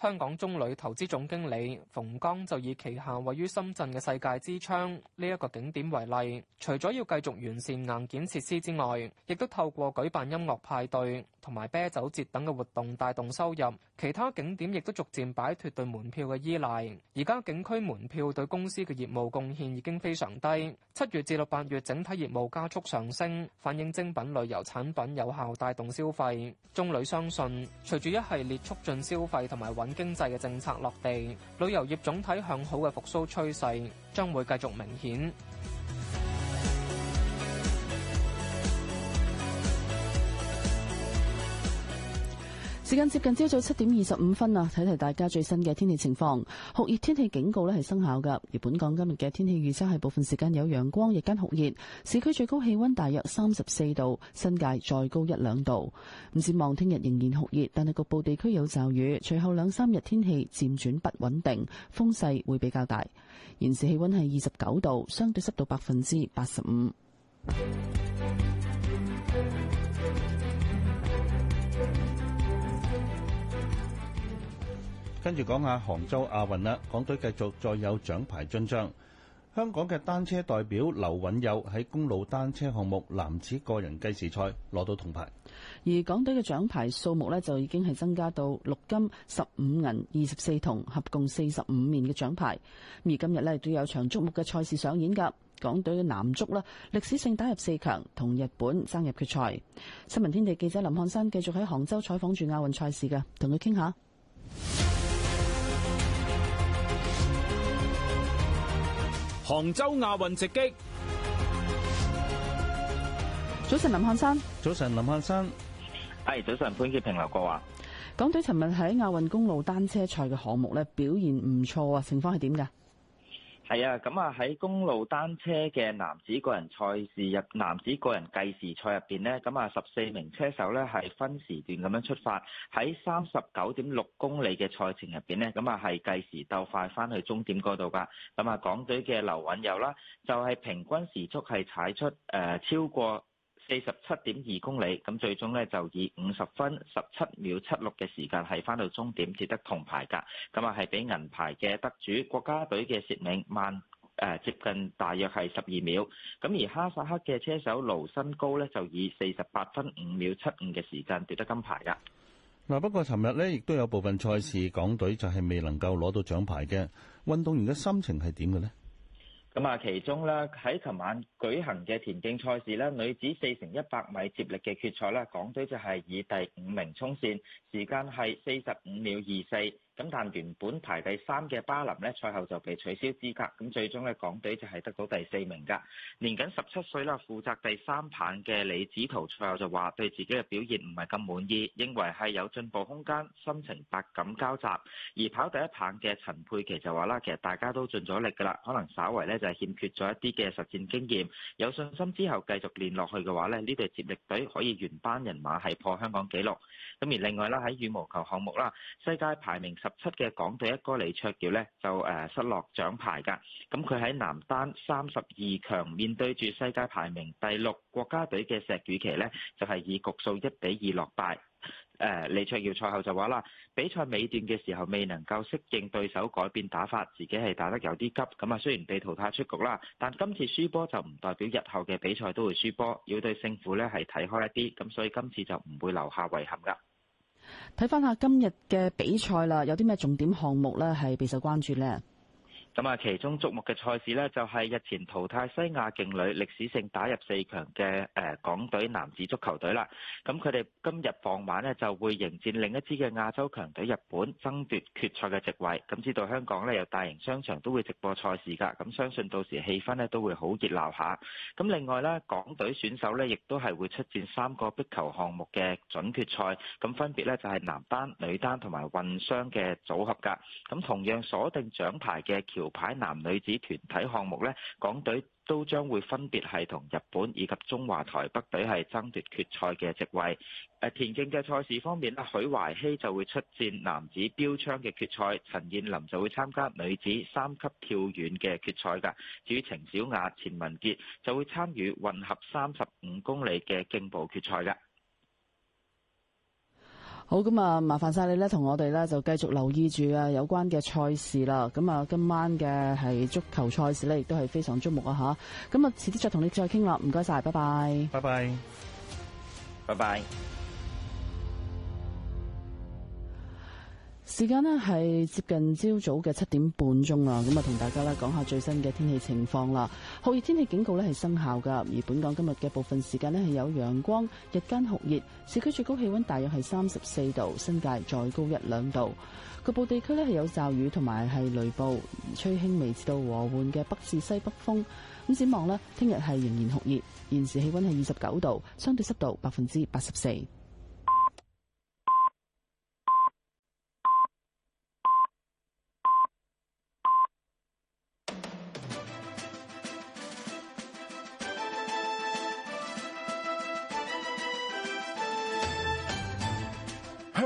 香港中旅投資總經理馮剛就以旗下位於深圳嘅世界之窗呢一個景點為例，除咗要繼續完善硬件設施之外，亦都透過舉辦音樂派對同埋啤酒節等嘅活動帶動收入。其他景點亦都逐漸擺脫對門票嘅依賴，而家景區門票對公司嘅業務貢獻已經非常低。七月至到八月整體業務加速上升，反映精品旅遊產品有效帶動消費，中旅相信，隨住一系列促進消費同埋運經濟嘅政策落地，旅遊業總體向好嘅復蘇趨勢將會繼續明顯。時間接近朝早七點二十五分啊，睇睇大家最新嘅天氣情況。酷熱天氣警告呢係生效噶而本港今日嘅天氣預測係部分時間有陽光，日間酷熱，市區最高氣温大約三十四度，新界再高一兩度。唔指望聽日仍然酷熱，但係局部地區有驟雨。隨後兩三日天氣漸轉不穩定，風勢會比較大。現時氣温係二十九度，相對濕度百分之八十五。跟住講下杭州亞運啦，港隊繼續再有獎牌進帳。香港嘅單車代表劉允佑喺公路單車項目男子個人計時賽攞到銅牌，而港隊嘅獎牌數目呢，就已經係增加到六金、十五銀、二十四銅，合共四十五面嘅獎牌。而今日呢都有場矚目嘅賽事上演噶，港隊嘅男足啦歷史性打入四強，同日本爭入決賽。新聞天地記者林漢山繼續喺杭州採訪住亞運賽事嘅，同佢傾下。杭州亞運直擊，早晨林漢山，早晨林漢山。係早晨潘潔平、劉國華，港隊尋日喺亞運公路單車賽嘅項目咧表現唔錯啊，情況係點㗎？係啊，咁啊喺公路單車嘅男子個人賽事入，男子個人計時賽入邊呢，咁啊十四名車手呢係分時段咁樣出發，喺三十九點六公里嘅賽程入邊呢，咁啊係計時鬥快翻去終點嗰度噶。咁啊港隊嘅劉韻友啦，就係平均時速係踩出誒超過。四十七點二公里，咁最終咧就以五十分十七秒七六嘅時間係返到終點，奪得銅牌㗎。咁啊係比銀牌嘅得主國家隊嘅薛銘慢、呃、接近大約係十二秒。咁而哈薩克嘅車手盧新高咧就以四十八分五秒七五嘅時間奪得金牌㗎。嗱、啊，不過尋日咧亦都有部分賽事港隊就係未能夠攞到獎牌嘅。運動員嘅心情係點嘅咧？咁啊，其中咧喺琴晚舉行嘅田徑賽事咧，女子四乘一百米接力嘅決賽啦，港隊就係以第五名衝線，時間係四十五秒二四。咁但原本排第三嘅巴林呢，賽後就被取消資格。咁最終呢，港隊就係得到第四名噶。年僅十七歲啦，負責第三棒嘅李子圖賽後就話，對自己嘅表現唔係咁滿意，認為係有進步空間，心情百感交集。而跑第一棒嘅陳佩琪就話啦，其實大家都盡咗力噶啦，可能稍為呢就係欠缺咗一啲嘅實戰經驗。有信心之後繼續練落去嘅話呢，呢隊接力隊可以原班人馬係破香港紀錄。咁而另外啦，喺羽毛球項目啦，世界排名十七嘅港隊一哥李卓耀呢，就誒失落獎牌噶，咁佢喺男單三十二強面對住世界排名第六國家隊嘅石宇奇呢，就係、是、以局數一比二落敗。誒、呃，李卓耀賽後就話啦，比賽尾段嘅時候未能夠適應對手改變打法，自己係打得有啲急。咁啊，雖然被淘汰出局啦，但今次輸波就唔代表日後嘅比賽都會輸波，要對勝負呢係睇開一啲。咁所以今次就唔會留下遺憾噶。睇翻下今日嘅比賽啦，有啲咩重點項目咧，係備受關注咧？咁啊，其中矚目嘅賽事咧，就係日前淘汰西亞勁旅，歷史性打入四強嘅誒港隊男子足球隊啦。咁佢哋今日傍晚咧就會迎戰另一支嘅亞洲強隊日本，爭奪決賽嘅席位。咁知道香港咧有大型商場都會直播賽事噶，咁相信到時氣氛咧都會好熱鬧下。咁另外咧，港隊選手咧亦都係會出戰三個壁球項目嘅準決賽，咁分別咧就係男單、女單同埋混雙嘅組合噶。咁同樣鎖定獎牌嘅喬。排牌男女子團體項目呢，港隊都將會分別係同日本以及中華台北隊係爭奪決賽嘅席位。誒田徑嘅賽事方面呢，許懷希就會出戰男子標槍嘅決賽，陳燕琳就會參加女子三級跳遠嘅決賽噶。至於程小雅、錢文傑就會參與混合三十五公里嘅競步決賽噶。好咁啊，麻煩晒你咧，同我哋咧就繼續留意住啊，有關嘅賽事啦。咁啊，今晚嘅係足球賽事咧，亦都係非常矚目啊！吓，咁啊，遲啲再同你再傾啦。唔該晒，拜拜，拜拜，拜拜。時間呢係接近朝早嘅七點半鐘啦，咁啊同大家咧講下最新嘅天氣情況啦。酷熱天氣警告呢係生效噶，而本港今日嘅部分時間呢係有陽光，日間酷熱，市區最高氣溫大約係三十四度，新界再高一兩度。局部地區呢係有驟雨同埋係雷暴，吹輕微至到和緩嘅北至西北風。咁展望呢，聽日係仍然酷熱，現時氣溫係二十九度，相對濕度百分之八十四。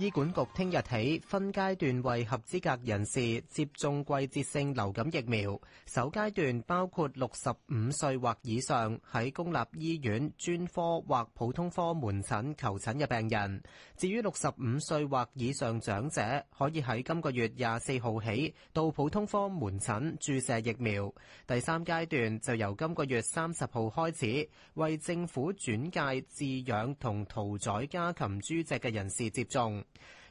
醫管局聽日起分階段為合資格人士接種季節性流感疫苗。首階段包括六十五歲或以上喺公立醫院專科或普通科門診求診嘅病人。至於六十五歲或以上長者，可以喺今個月廿四號起到普通科門診注射疫苗。第三階段就由今個月三十號開始，為政府轉介飼養同屠宰家禽、豬隻嘅人士接種。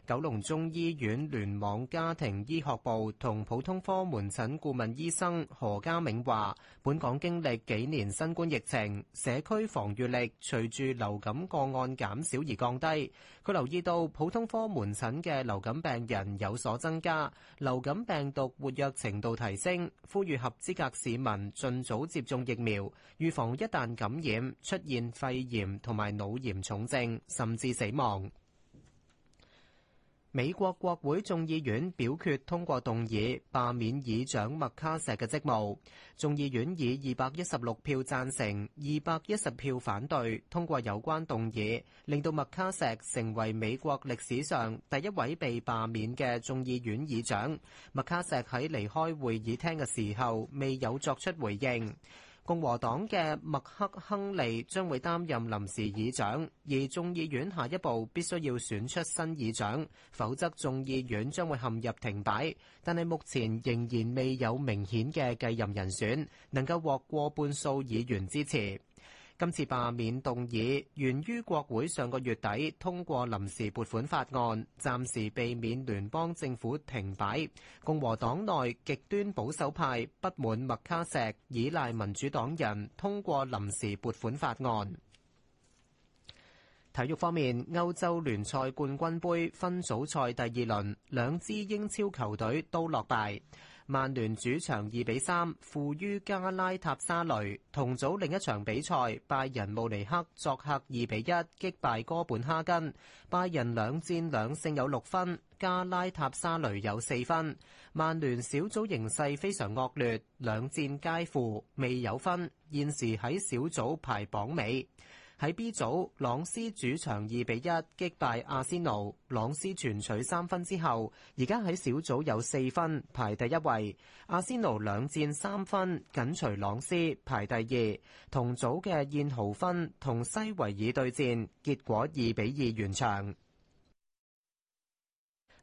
九龍中醫院聯網家庭醫學部同普通科門診顧問醫生何家銘話，本港經歷幾年新冠疫情，社區防禦力隨住流感個案減少而降低。佢留意到普通科門診嘅流感病人有所增加，流感病毒活躍程度提升，呼籲合資格市民儘早接種疫苗，預防一旦感染出現肺炎同埋腦炎重症，甚至死亡。美國國會眾議院表決通過動議罷免議長麥卡錫嘅職務，眾議院以二百一十六票贊成、二百一十票反對通過有關動議，令到麥卡錫成，成為美國歷史上第一位被罷免嘅眾議院議長。麥卡錫喺離開會議廳嘅時候，未有作出回應。共和黨嘅麥克亨利將會擔任臨時議長，而眾議院下一步必須要選出新議長，否則眾議院將會陷入停擺。但係目前仍然未有明顯嘅繼任人選，能夠獲過半數議員支持。今次罷免動議源於國會上個月底通過臨時撥款法案，暫時避免聯邦政府停擺。共和黨內極端保守派不滿麥卡錫，依賴民主黨人通過臨時撥款法案。體育方面，歐洲聯賽冠軍杯分組賽第二輪，兩支英超球隊都落敗。曼聯主場二比三負於加拉塔沙雷，同組另一場比賽，拜仁慕尼黑作客二比一擊敗哥本哈根。拜仁兩戰兩勝有六分，加拉塔沙雷有四分。曼聯小組形勢非常惡劣，兩戰皆負，未有分，現時喺小組排榜尾。喺 B 組朗斯主場二比一擊敗阿仙奴，朗斯全取三分之後，而家喺小組有四分排第一位。阿仙奴兩戰三分，緊隨朗斯排第二。同組嘅燕豪芬同西維爾對戰結果二比二完場。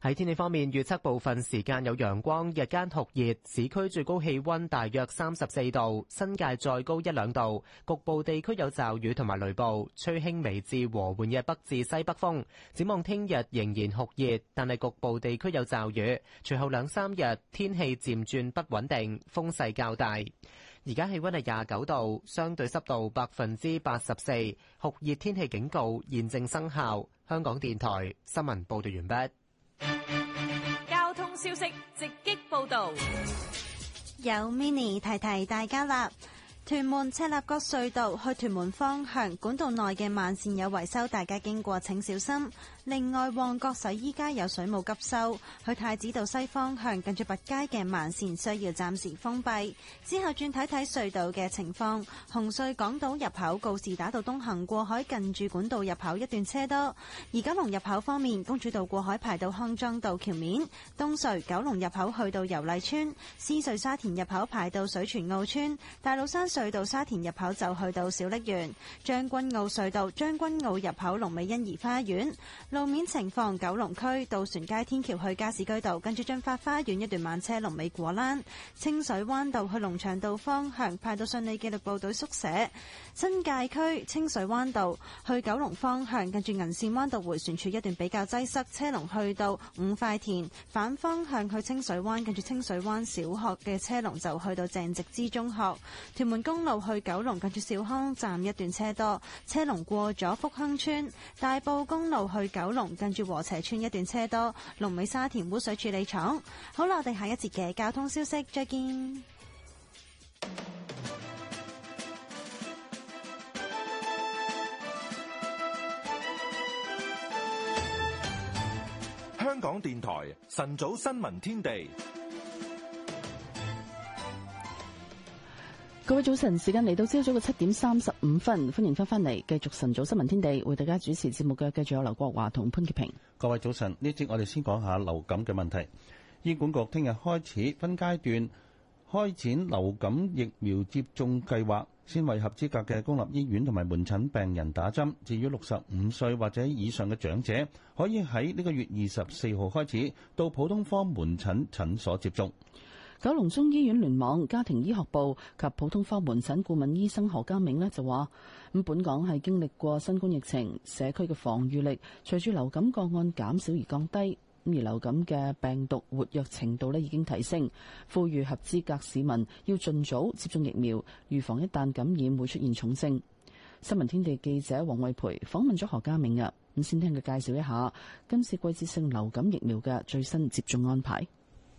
喺天氣方面，預測部分時間有陽光，日間酷熱，市區最高氣溫大約三十四度，新界再高一兩度。局部地區有驟雨同埋雷暴，吹輕微至和緩嘅北至西北風。展望聽日仍然酷熱，但係局部地區有驟雨。隨後兩三日天氣漸轉不穩定，風勢較大。而家氣溫係廿九度，相對濕度百分之八十四，酷熱天氣警告現正生效。香港電台新聞報道完畢。交通消息直擊報道，有 mini 提提大家啦。屯門赤鱲角隧道去屯門方向管道內嘅慢線有維修，大家經過請小心。另外，旺角洗衣街有水務急收，去太子道西方向近住拔街嘅慢線需要暫時封閉。之後轉睇睇隧道嘅情況，紅隧港島入口，告士打道東行過海近住管道入口一段車多，而九龍入口方面，公主道過海排到康莊道橋面，東隧九龍入口去到油麗邨，獅隧沙田入口排到水泉澳村，大老山隧道沙田入口就去到小瀝源，將軍澳隧道將軍澳入口龍尾欣怡花園。路面情況：九龍區渡船街天橋去加士居道，跟住駿發花園一段慢車，龍尾果欄；清水灣道去龍翔道方向，派到順利紀律部隊宿舍。新界區清水灣道去九龍方向，近住銀線灣道回旋處一段比較擠塞，車龍去到五塊田反方向去清水灣，近住清水灣小學嘅車龍就去到鄭植之中學。屯門公路去九龍，近住小康站一段車多，車龍過咗福亨村。大埔公路去九龍，近住和斜村一段車多，龍尾沙田污水處理廠。好啦，我哋下一節嘅交通消息，再見。香港電台晨早新聞天地，各位早晨，時間嚟到朝早嘅七點三十五分，歡迎翻返嚟，繼續晨早新聞天地，為大家主持節目嘅，繼續有劉國華同潘潔平。各位早晨，呢節我哋先講下流感嘅問題。醫管局聽日開始分階段開展流感疫苗接種計劃。先為合資格嘅公立醫院同埋門診病人打針，至於六十五歲或者以上嘅長者，可以喺呢個月二十四號開始到普通科門診診所接種。九龍中醫院聯網家庭醫學部及普通科門診顧問醫生何家銘呢，就話：咁本港係經歷過新冠疫情，社區嘅防禦力隨住流感個案減少而降低。而流感嘅病毒活躍程度咧已經提升，呼籲合資格市民要盡早接種疫苗，預防一旦感染會出現重症。新聞天地記者黃慧培訪問咗何家明啊，咁先聽佢介紹一下今次季節性流感疫苗嘅最新接種安排。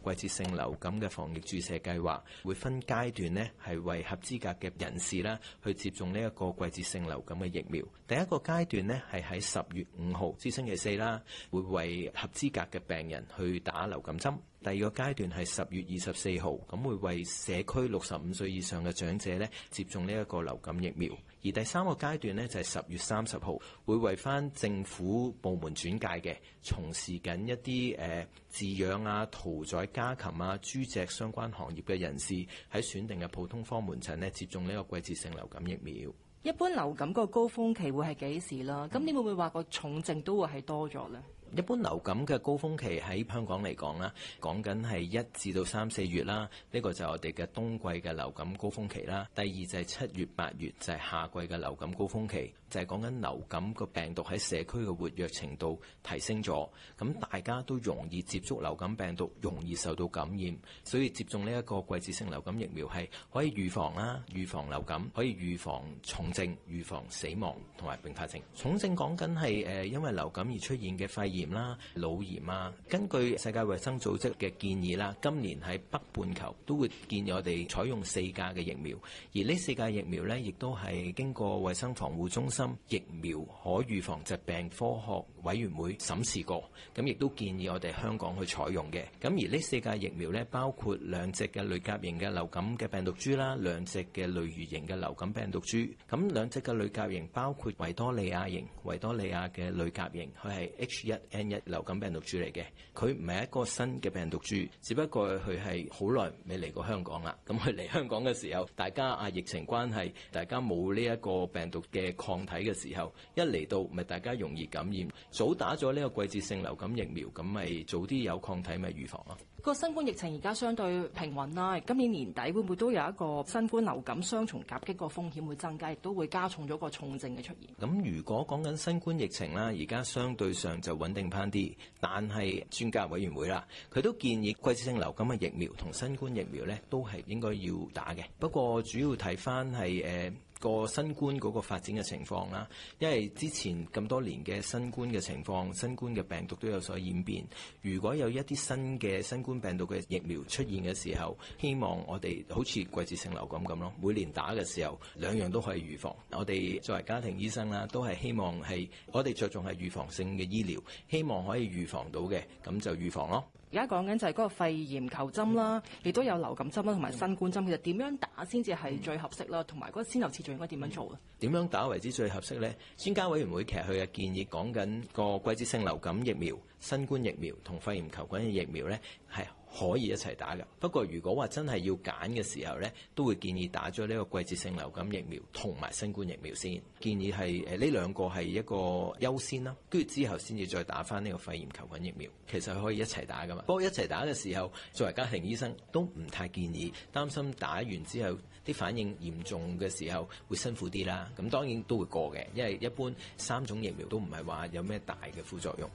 季節性流感嘅防疫注射計劃會分階段呢，係為合資格嘅人士啦，去接種呢一個季節性流感嘅疫苗。第一個階段呢係喺十月五號至星期四啦，會為合資格嘅病人去打流感針。第二個階段係十月二十四號，咁會為社區六十五歲以上嘅長者咧，接種呢一個流感疫苗。而第三個階段咧，就係十月三十號，會為翻政府部門轉介嘅從事緊一啲誒飼養啊、屠宰家禽啊、豬隻相關行業嘅人士，喺選定嘅普通科門診咧，接種呢個季節性流感疫苗。一般流感個高峰期會係幾時啦？咁你會唔會話個重症都會係多咗咧？一般流感嘅高峰期喺香港嚟講啦，講緊係一至到三四月啦，呢個就係我哋嘅冬季嘅流感高峰期啦。第二就係七月八月就係夏季嘅流感高峰期。就係講緊流感個病毒喺社區嘅活躍程度提升咗，咁大家都容易接觸流感病毒，容易受到感染，所以接種呢一個季節性流感疫苗係可以預防啦、啊，預防流感，可以預防重症、預防死亡同埋併發症。重症講緊係誒因為流感而出現嘅肺炎啦、啊、腦炎啊。根據世界衛生組織嘅建議啦、啊，今年喺北半球都會建議我哋採用四價嘅疫苗，而呢四價疫苗咧，亦都係經過衛生防護中心，疫苗可預防疾病科學委員會審視過，咁亦都建議我哋香港去採用嘅。咁而呢四劑疫苗咧，包括兩隻嘅類甲型嘅流感嘅病毒株啦，兩隻嘅類乙型嘅流感病毒株。咁兩隻嘅類甲型包括維多利亞型，維多利亞嘅類甲型，佢係 H1N1 流感病毒株嚟嘅。佢唔係一個新嘅病毒株，只不過佢係好耐未嚟過香港啦。咁佢嚟香港嘅時候，大家啊疫情關係，大家冇呢一個病毒嘅抗。睇嘅時候，一嚟到咪大家容易感染。早打咗呢個季節性流感疫苗，咁咪早啲有抗體，咪預防咯。個新冠疫情而家相對平穩啦。今年年底會唔會都有一個新冠流感雙重夾擊，個風險會增加，亦都會加重咗個重症嘅出現。咁如果講緊新冠疫情啦，而家相對上就穩定返啲，但係專家委員會啦，佢都建議季節性流感嘅疫苗同新冠疫苗咧，都係應該要打嘅。不過主要睇翻係誒。呃個新冠嗰個發展嘅情況啦，因為之前咁多年嘅新冠嘅情況，新冠嘅病毒都有所演變。如果有一啲新嘅新冠病毒嘅疫苗出現嘅時候，希望我哋好似季節性流感咁咯，每年打嘅時候兩樣都可以預防。我哋作為家庭醫生啦，都係希望係我哋着重係預防性嘅醫療，希望可以預防到嘅咁就預防咯。而家講緊就係嗰個肺炎球針啦，亦、嗯、都有流感針啦，同埋新冠針。其實點樣打先至係最合適啦，同埋嗰先流次序應該點樣做啊？點樣打為之最合適咧？專家委員會其實佢嘅建議講緊個季節性流感疫苗、新冠疫苗同肺炎球菌嘅疫苗咧，係。可以一齊打㗎，不過如果話真係要揀嘅時候呢，都會建議打咗呢個季節性流感疫苗同埋新冠疫苗先，建議係誒呢兩個係一個優先啦，跟住之後先至再打返呢個肺炎球菌疫苗。其實可以一齊打㗎嘛，不過一齊打嘅時候，作為家庭醫生都唔太建議，擔心打完之後啲反應嚴重嘅時候會辛苦啲啦。咁當然都會過嘅，因為一般三種疫苗都唔係話有咩大嘅副作用。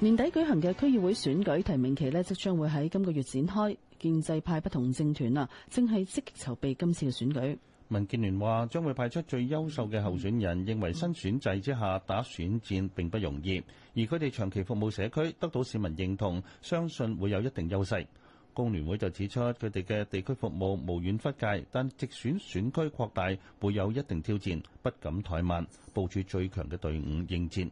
年底舉行嘅區議會選舉提名期呢，即將會喺今個月展開。建制派不同政團啊，正係積極籌備今次嘅選舉。民建聯話將會派出最優秀嘅候選人，認為新選制之下打選戰並不容易，而佢哋長期服務社區，得到市民認同，相信會有一定優勢。工聯會就指出佢哋嘅地區服務無遠弗屆，但直選選區擴大會有一定挑戰，不敢怠慢，部署最強嘅隊伍應戰。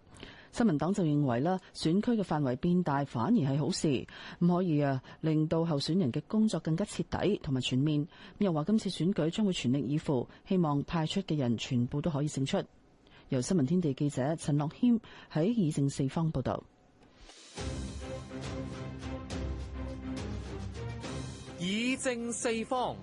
新民黨就認為咧，選區嘅範圍變大反而係好事，唔可以啊，令到候選人嘅工作更加徹底同埋全面。又話今次選舉將會全力以赴，希望派出嘅人全部都可以勝出。由新聞天地記者陳樂謙喺以正四方報道。以正四方。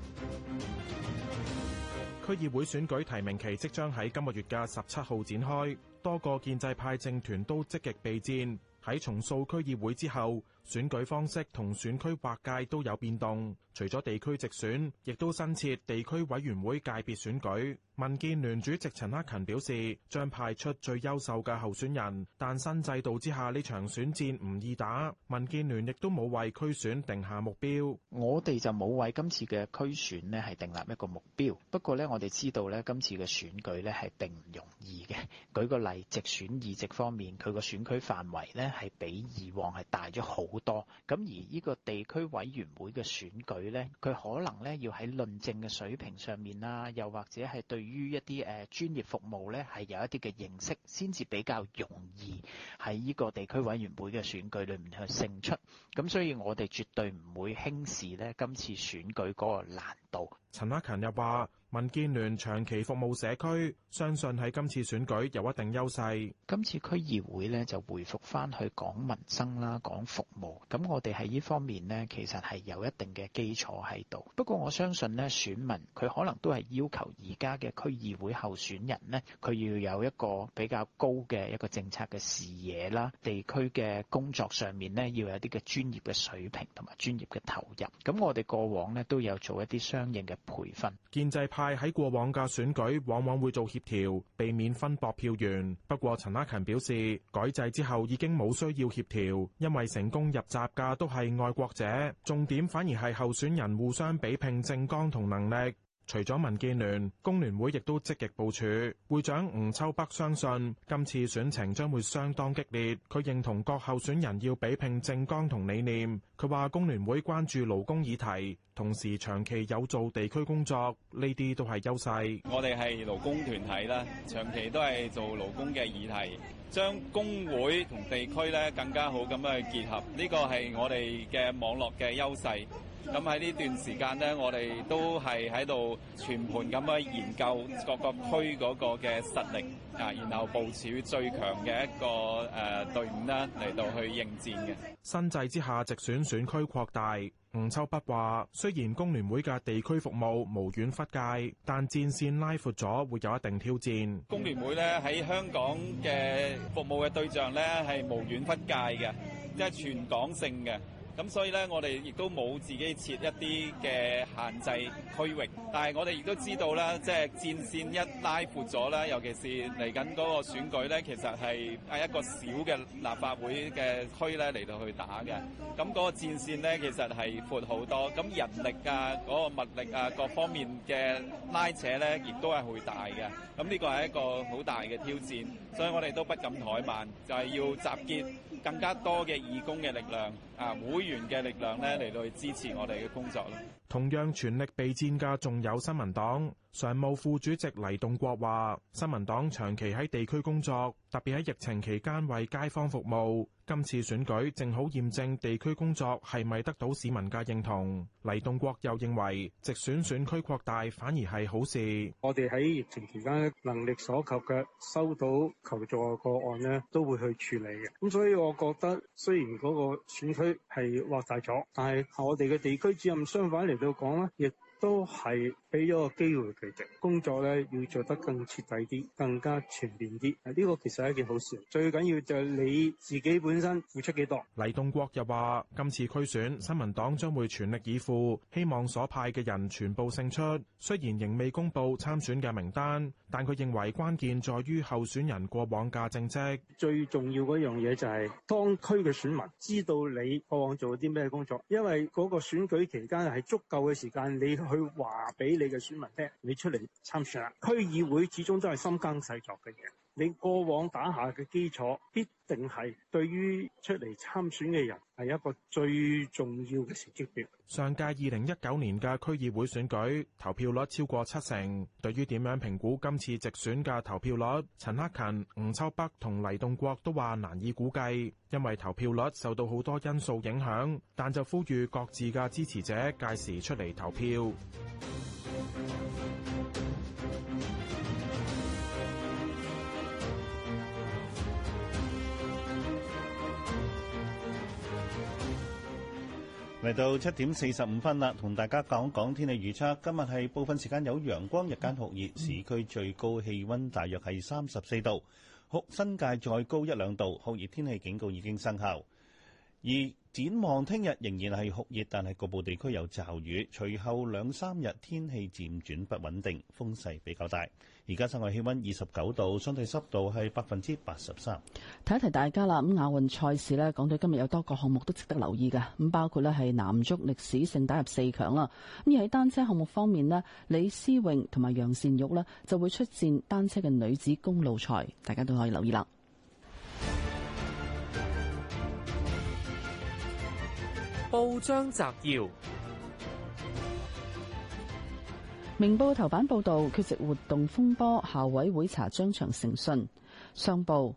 區議會選舉提名期即將喺今個月嘅十七號展開，多個建制派政團都積極備戰。喺重塑區議會之後，選舉方式同選區劃界都有變動，除咗地區直選，亦都新設地區委員會界別選舉。民建聯主席陳克勤表示，將派出最優秀嘅候選人，但新制度之下呢場選戰唔易打。民建聯亦都冇為區選定下目標。我哋就冇為今次嘅區選定立一個目標。不過呢，我哋知道呢今次嘅選舉呢係並唔容易嘅。舉個例，直選議席方面，佢個選區範圍呢係比以往係大咗好好多咁。而呢個地區委員會嘅選舉呢，佢可能呢要喺論證嘅水平上面啦，又或者係對於一啲誒專業服務呢，係有一啲嘅認識，先至比較容易喺呢個地區委員會嘅選舉裏面去勝出。咁所以我哋絕對唔會輕視呢今次選舉嗰個難度。陳克勤又話。民建聯長期服務社區，相信喺今次選舉有一定優勢。今次區議會咧就回復翻去講民生啦，講服務。咁我哋喺呢方面呢，其實係有一定嘅基礎喺度。不過我相信呢，選民佢可能都係要求而家嘅區議會候選人呢，佢要有一個比較高嘅一個政策嘅視野啦，地區嘅工作上面呢，要有啲嘅專業嘅水平同埋專業嘅投入。咁我哋過往呢，都有做一啲相應嘅培訓，建制派但喺過往嘅選舉，往往會做協調，避免分薄票源。不過陳克勤表示，改制之後已經冇需要協調，因為成功入閘嘅都係愛國者，重點反而係候選人互相比拼政綱同能力。除咗民建聯，工聯會亦都積極部署。會長吳秋北相信今次選情將會相當激烈。佢認同各候選人要比拼政綱同理念。佢話工聯會關注勞工議題，同時長期有做地區工作，呢啲都係優勢。我哋係勞工團體啦，長期都係做勞工嘅議題，將工會同地區咧更加好咁去結合，呢個係我哋嘅網絡嘅優勢。咁喺呢段時間咧，我哋都係喺度全盤咁樣研究各個區嗰個嘅實力啊，然後部署最強嘅一個誒隊伍咧嚟到去應戰嘅。新制之下，直選選區擴大，吳秋北話，雖然工聯會嘅地區服務無遠弗屆，但戰線拉闊咗，會有一定挑戰。工聯會咧喺香港嘅服務嘅對象咧係無遠弗屆嘅，即係全港性嘅。咁所以咧，我哋亦都冇自己設一啲嘅限制區域，但係我哋亦都知道啦，即係戰線一拉闊咗啦，尤其是嚟緊嗰個選舉咧，其實係喺一個小嘅立法會嘅區咧嚟到去打嘅。咁嗰個戰線咧，其實係闊好多，咁人力啊、嗰、那個物力啊，各方面嘅拉扯咧，亦都係會大嘅。咁呢個係一個好大嘅挑戰，所以我哋都不敢怠慢，就係、是、要集結更加多嘅義工嘅力量。啊！會員嘅力量咧嚟到去支持我哋嘅工作啦。同樣全力備戰嘅仲有新民黨常務副主席黎棟國話新民黨長期喺地區工作，特別喺疫情期間為街坊服務，今次選舉正好驗證地區工作係咪得到市民嘅認同。黎棟國又認為直選選區擴大反而係好事。我哋喺疫情期間能力所及嘅收到求助嘅個案咧，都會去處理嘅。咁所以我覺得雖然嗰個選區。係畫大咗，但係我哋嘅地區主任相反嚟到講咧，亦都係。俾咗個機會佢哋工作咧，要做得更徹底啲，更加全面啲。呢個其實係一件好事。最緊要就係你自己本身付出幾多。黎棟國又話：今次區選，新聞黨將會全力以赴，希望所派嘅人全部勝出。雖然仍未公佈參選嘅名單，但佢認為關鍵在於候選人過往嘅政績。最重要嗰樣嘢就係當區嘅選民知道你過往做咗啲咩工作，因為嗰個選舉期間係足夠嘅時間，你去話俾你。你嘅選民聽你出嚟參選啦。區議會始終都係深耕細作嘅嘢，你過往打下嘅基礎必定係對於出嚟參選嘅人係一個最重要嘅成績表。上屆二零一九年嘅區議會選舉投票率超過七成。對於點樣評估今次直選嘅投票率，陳克勤、吳秋北同黎棟國都話難以估計，因為投票率受到好多因素影響。但就呼籲各自嘅支持者屆時出嚟投票。嚟到七點四十五分啦，同大家講講天氣預測。今日係部分時間有陽光，日間酷熱，市區最高氣溫大約係三十四度，酷新界再高一兩度，酷熱天氣警告已經生效。而展望聽日仍然係酷熱，但係局部地區有驟雨。隨後兩三日天，天氣漸轉不穩定，風勢比較大。而家室外氣温二十九度，相對濕度係百分之八十三。提一提大家啦，咁亞運賽事呢，港隊今日有多個項目都值得留意噶，咁包括呢係男足歷史性打入四強啦。咁而喺單車項目方面呢，李思穎同埋楊善玉呢，就會出戰單車嘅女子公路賽，大家都可以留意啦。報章摘要：明報頭版報道缺席活動風波，校委會查張場誠信。商報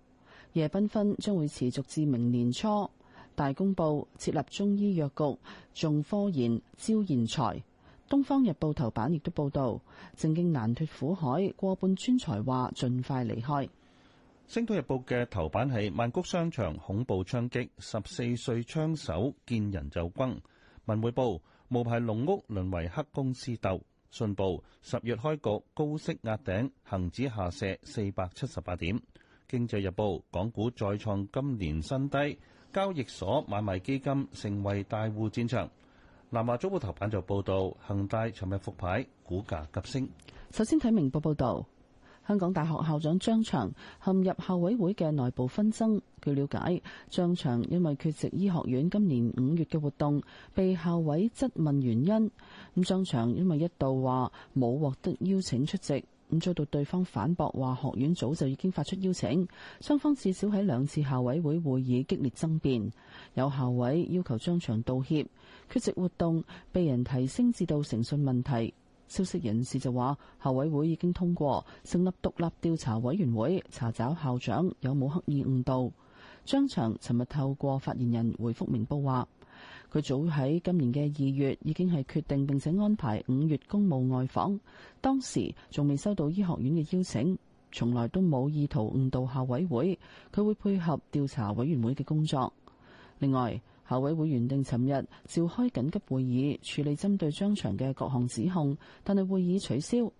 夜繽紛將會持續至明年初。大公報設立中醫藥局，重科研招賢才。東方日報頭版亦都報道，正經難脫苦海，過半專才話盡快離開。《星島日報》嘅頭版係曼谷商場恐怖槍擊，十四歲槍手見人就轟。《文匯報》無牌農屋淪為黑公司斗。《信報》十月開局高息壓頂，恒指下瀉，四百七十八點。《經濟日報》港股再創今年新低，交易所買賣基金成為大戶戰場。《南華早報》頭版就報道恒大尋日復牌，股價急升。首先睇明報報道。香港大學校長張翔陷入校委會嘅內部紛爭。據了解，張翔因為缺席醫學院今年五月嘅活動，被校委質問原因。咁張翔因為一度話冇獲得邀請出席，咁遭到對方反駁話學院早就已經發出邀請。雙方至少喺兩次校委會會議激烈爭辯，有校委要求張翔道歉，缺席活動被人提升至到誠信問題。消息人士就話，校委會已經通過成立獨立調查委員會，查找校長有冇刻意誤導。張翔尋日透過發言人回覆明報話，佢早喺今年嘅二月已經係決定，並且安排五月公務外訪，當時仲未收到醫學院嘅邀請，從來都冇意圖誤導校委會，佢會配合調查委員會嘅工作。另外。校委會原定尋日召開緊急會議處理針對張翔嘅各項指控，但係會議取消。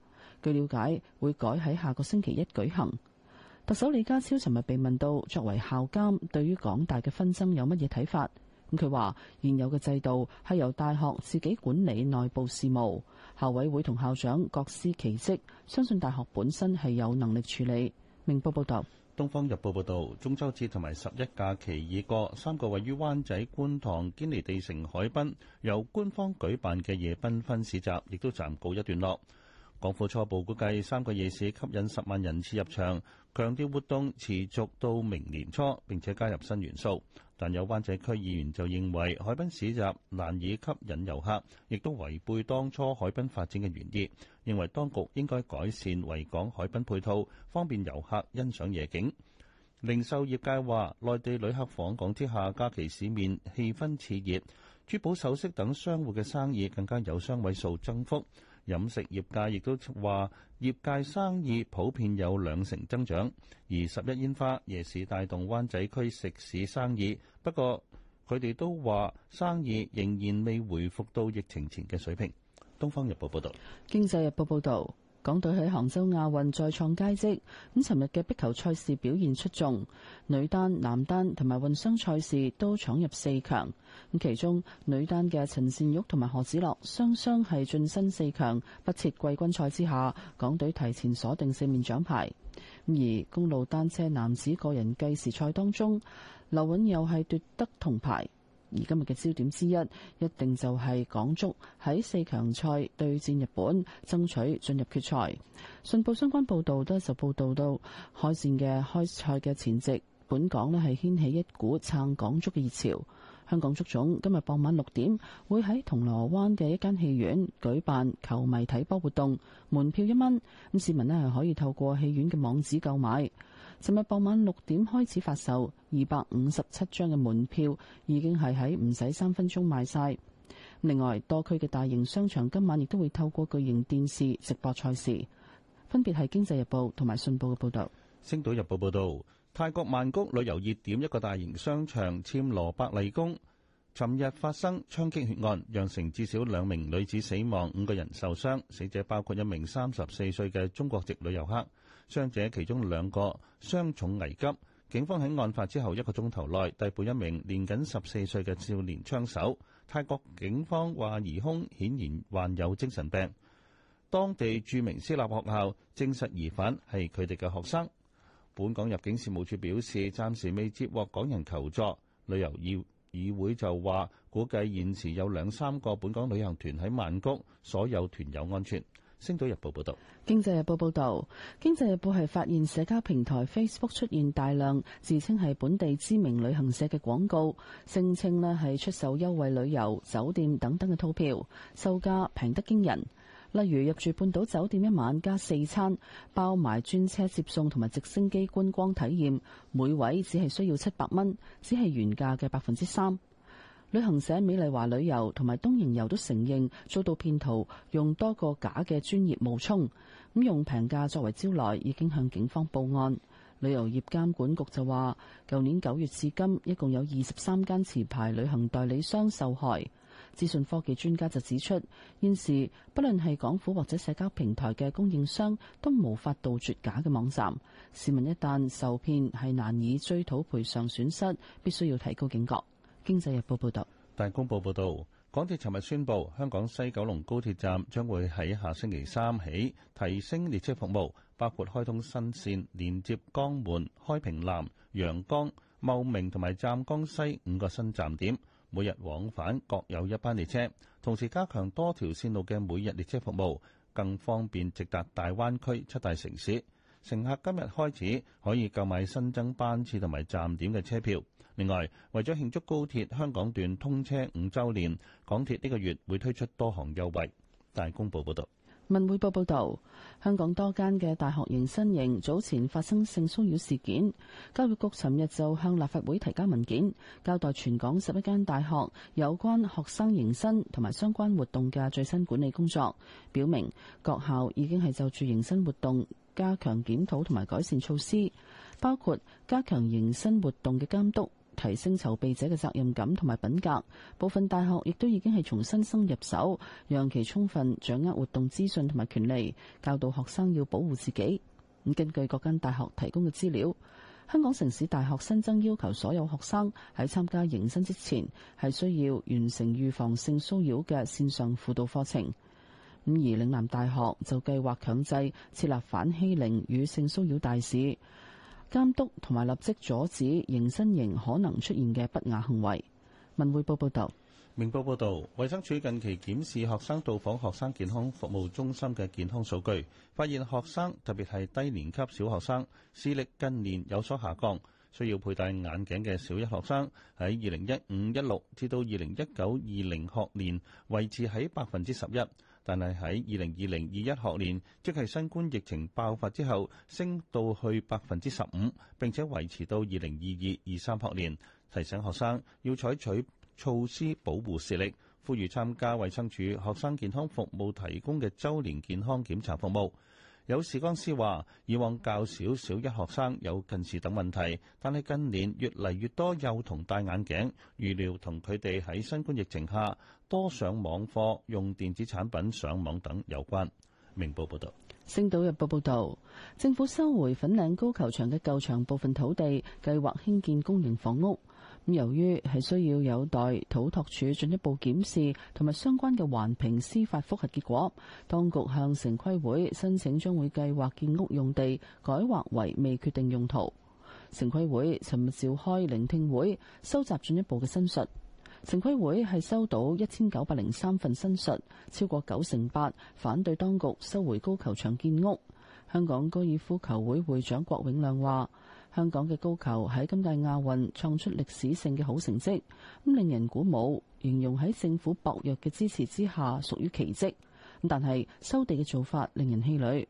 據了解，會改喺下個星期一舉行。特首李家超尋日被問到，作為校監，對於港大嘅紛爭有乜嘢睇法？咁佢話：現有嘅制度係由大學自己管理內部事務，校委會同校長各司其職，相信大學本身係有能力處理。明報報道。《東方日報》報導，中秋節同埋十一假期已過，三個位於灣仔、觀塘、堅尼地城海濱由官方舉辦嘅夜繽紛市集，亦都暫告一段落。港府初步估計，三個夜市吸引十萬人次入場，強調活動持續到明年初，並且加入新元素。但有灣仔區議員就認為海濱市集難以吸引遊客，亦都違背當初海濱發展嘅原意，認為當局應該改善維港海濱配套，方便遊客欣賞夜景。零售業界話，內地旅客訪港之下，假期市面氣氛熾熱，珠寶首飾等商戶嘅生意更加有雙位數增幅。飲食業界亦都話，業界生意普遍有兩成增長，而十一煙花夜市帶動灣仔區食肆生意。不過，佢哋都話生意仍然未回復到疫情前嘅水平。《東方日報》報道。《經濟日報》報導。港隊喺杭州亞運再創佳績，咁尋日嘅壁球賽事表現出眾，女單、男單同埋混雙賽事都闖入四強。咁其中女單嘅陳善玉同埋何子樂雙雙係晉身四強，不設季軍賽之下，港隊提前鎖定四面獎牌。而公路單車男子個人計時賽當中，劉韻又係奪得銅牌。而今日嘅焦點之一，一定就係港足喺四強賽對戰日本，爭取進入決賽。信報相關報道都係就報道到開戰嘅開賽嘅前夕，本港咧係掀起一股撐港足嘅熱潮。香港足總今日傍晚六點會喺銅鑼灣嘅一間戲院舉辦球迷睇波活動，門票一蚊，咁市民咧係可以透過戲院嘅網址購買。尋日傍晚六點開始發售，二百五十七張嘅門票已經係喺唔使三分鐘賣晒。另外，多區嘅大型商場今晚亦都會透過巨型電視直播賽事。分別係《經濟日報》同埋《信報》嘅報導，《星島日報》報導，泰國曼谷旅遊熱點一個大型商場暹羅百麗宮，尋日發生槍擊血案，釀成至少兩名女子死亡，五個人受傷，死者包括一名三十四歲嘅中國籍旅遊客。傷者其中兩個傷重危急，警方喺案發之後一個鐘頭內逮捕一名年僅十四歲嘅少年槍手。泰國警方話疑兇顯然患有精神病。當地著名私立學校證實疑犯係佢哋嘅學生。本港入境事務處表示暫時未接獲港人求助。旅遊議議會就話，估計現時有兩三個本港旅行團喺曼谷，所有團友安全。星島日報報道，經濟日報報道，經濟日報係發現社交平台 Facebook 出現大量自稱係本地知名旅行社嘅廣告，聲稱咧係出售優惠旅遊、酒店等等嘅套票，售價平得驚人。例如入住半島酒店一晚加四餐，包埋專車接送同埋直升機觀光體驗，每位只係需要七百蚊，只係原價嘅百分之三。旅行社美麗華旅遊同埋東瀛遊都承認遭到騙徒用多個假嘅專業冒充，咁用平價作為招來，已經向警方報案。旅遊業監管局就話，舊年九月至今，一共有二十三間持牌旅行代理商受害。資訊科技專家就指出，現時不論係港府或者社交平台嘅供應商，都無法杜絕假嘅網站。市民一旦受騙，係難以追討賠償損失，必須要提高警覺。經濟日報報道，大公報報道，港鐵尋日宣布，香港西九龍高鐵站將會喺下星期三起提升列車服務，包括開通新線，連接江門、開平南、陽江、茂名同埋湛江西五個新站點，每日往返各有一班列車，同時加強多條線路嘅每日列車服務，更方便直達大灣區七大城市。乘客今日開始可以購買新增班次同埋站點嘅車票。另外，為咗慶祝高鐵香港段通車五週年，港鐵呢個月會推出多項優惠。大公報報道，文匯報報道，香港多間嘅大學迎新營早前發生性騷擾事件，教育局尋日就向立法會提交文件，交代全港十一間大學有關學生迎新同埋相關活動嘅最新管理工作，表明各校已經係就住迎新活動加強檢討同埋改善措施，包括加強迎新活動嘅監督。提升籌備者嘅責任感同埋品格，部分大學亦都已經係從新生入手，讓其充分掌握活動資訊同埋權利，教導學生要保護自己。咁根據各間大學提供嘅資料，香港城市大學新增要求所有學生喺參加迎新之前係需要完成預防性騷擾嘅線上輔導課程。咁而嶺南大學就計劃強制設立反欺凌與性騷擾大使。監督同埋立即阻止型身型可能出現嘅不雅行為。文匯報報道，明報報道，衛生署近期檢視學生到訪學生健康服務中心嘅健康數據，發現學生特別係低年級小學生視力近年有所下降，需要佩戴眼鏡嘅小一學生喺二零一五一六至到二零一九二零學年，維持喺百分之十一。但係喺二零二零二一學年，即係新冠疫情爆發之後，升到去百分之十五，並且維持到二零二二二三學年。提醒學生要採取措施保護視力，呼籲參加衛生署學生健康服務提供嘅週年健康檢查服務。有視光師話：以往較少小一學生有近視等問題，但係近年越嚟越多幼童戴眼鏡，預料同佢哋喺新冠疫情下。多上網課、用電子產品上網等有關。明報報道：星島日報報道，政府收回粉嶺高球場嘅舊場部分土地，計劃興建公營房屋。咁由於係需要有待土拓署進一步檢視同埋相關嘅環評司法覆核結果，當局向城規會申請將會計劃建屋用地改劃為未決定用途。城規會尋日召開聆聽會，收集進一步嘅申述。城規會係收到一千九百零三份申述，超過九成八反對當局收回高球場建屋。香港高爾夫球會會長郭永亮話，香港嘅高球喺今屆亞運創出歷史性嘅好成績，咁令人鼓舞，形容喺政府薄弱嘅支持之下屬於奇蹟。但係收地嘅做法令人氣餒，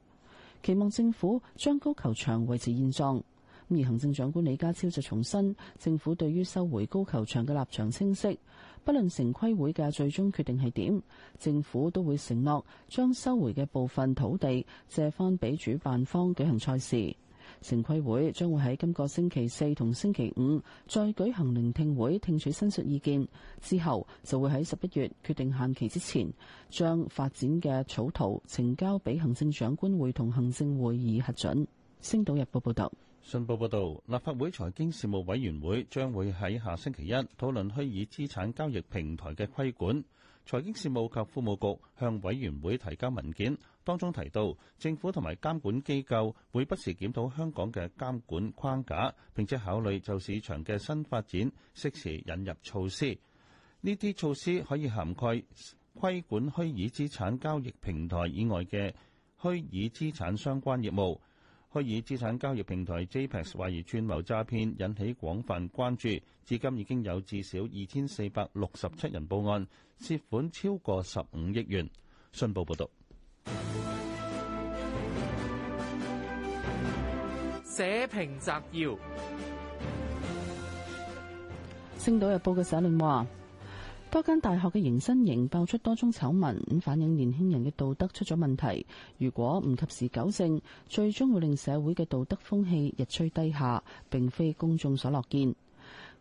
期望政府將高球場維持現狀。而行政長官李家超就重申，政府對於收回高球場嘅立場清晰，不論城規會嘅最終決定係點，政府都會承諾將收回嘅部分土地借翻俾主辦方舉行賽事。城規會將會喺今個星期四同星期五再舉行聆聽會，聽取申述意見之後，就會喺十一月決定限期之前，將發展嘅草圖呈交俾行政長官會同行政會議核准。星島日報報道。信報報道，立法會財經事務委員會將會喺下星期一討論虛擬資產交易平台嘅規管。財經事務及庫務局向委員會提交文件，當中提到政府同埋監管機構會不時檢討香港嘅監管框架，並且考慮就市場嘅新發展適時引入措施。呢啲措施可以涵蓋規管虛擬資產交易平台以外嘅虛擬資產相關業務。虛擬資產交易平台 JPEX 懷疑串謀詐騙，引起廣泛關注。至今已經有至少二千四百六十七人報案，涉款超過十五億元。信報報道。社評摘要，《星島日報》嘅社論話。多間大學嘅迎新營爆出多宗醜聞，咁反映年輕人嘅道德出咗問題。如果唔及時糾正，最終會令社會嘅道德風氣日趨低下，並非公眾所樂見。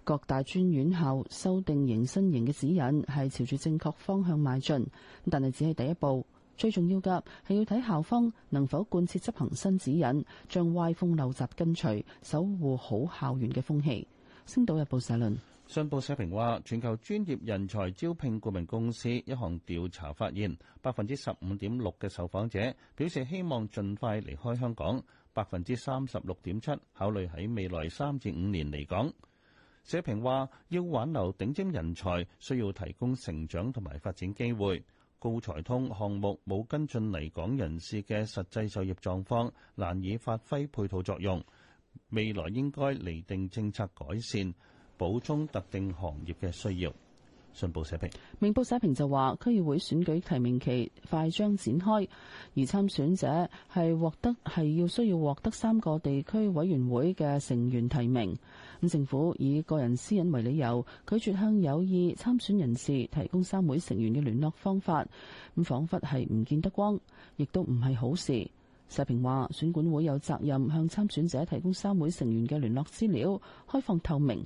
各大專院校修訂迎新營嘅指引，係朝住正確方向邁進，但係只係第一步。最重要嘅係要睇校方能否貫徹執行新指引，將歪風陋習根除，守護好校園嘅風氣。星島日報社論。信報社評話，全球專業人才招聘顧問公司一項調查發現，百分之十五點六嘅受訪者表示希望盡快離開香港，百分之三十六點七考慮喺未來三至五年離港。社評話，要挽留頂尖人才，需要提供成長同埋發展機會，高才通項目冇跟進嚟港人士嘅實際就業狀況，難以發揮配套作用。未來應該釐定政策改善。補充特定行業嘅需要。信報社評，明報社評就話區議會選舉提名期快將展開，而參選者係獲得係要需要獲得三個地區委員會嘅成員提名。咁政府以個人私隱為理由，拒絕向有意參選人士提供三會成員嘅聯絡方法，咁仿佛係唔見得光，亦都唔係好事。社評話選管會有責任向參選者提供三會成員嘅聯絡資料，開放透明。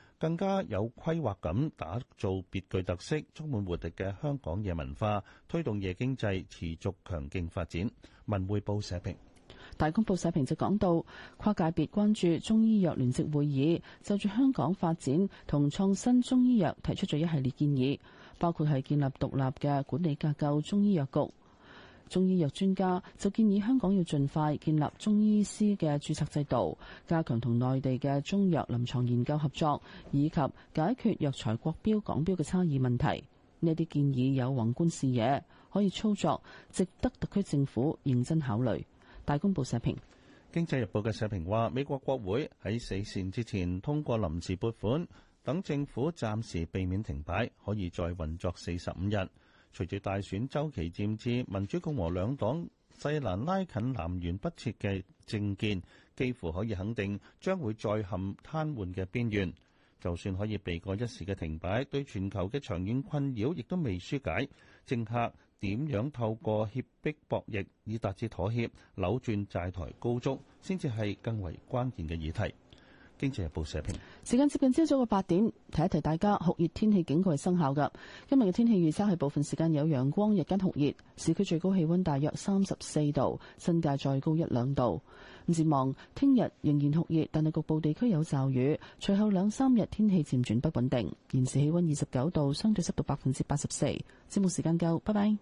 更加有規劃咁打造別具特色、充滿活力嘅香港夜文化，推動夜經濟持續強勁發展。文匯報社評。大公報社評就講到，跨界別關注中醫藥聯席會議，就住香港發展同創新中醫藥提出咗一系列建議，包括係建立獨立嘅管理架構中醫藥局。中醫藥專家就建議香港要盡快建立中醫師嘅註冊制度，加強同內地嘅中藥臨床研究合作，以及解決藥材國標港標嘅差異問題。呢啲建議有宏觀視野，可以操作，值得特區政府認真考慮。大公報社評。《經濟日報》嘅社評話，美國國會喺死線之前通過臨時撥款，等政府暫時避免停擺，可以再運作四十五日。隨住大選週期漸至，民主共和兩黨勢難拉近南轅北轍嘅政見，幾乎可以肯定將會再陷癱瘓嘅邊緣。就算可以避過一時嘅停擺，對全球嘅長遠困擾亦都未疏解。政客點樣透過脅迫博弈以達至妥協，扭轉債台高築，先至係更為關鍵嘅議題。經濟日報社評，Sir. 時間接近朝早嘅八點，提一提大家酷熱天氣警告係生效嘅。今日嘅天氣預測係部分時間有陽光，日間酷熱，市區最高氣溫大約三十四度，新界再高一兩度。展望聽日仍然酷熱，但係局部地區有驟雨。隨後兩三日天氣漸轉不穩定。現時氣溫二十九度，相對濕度百分之八十四。節目時間夠，拜拜。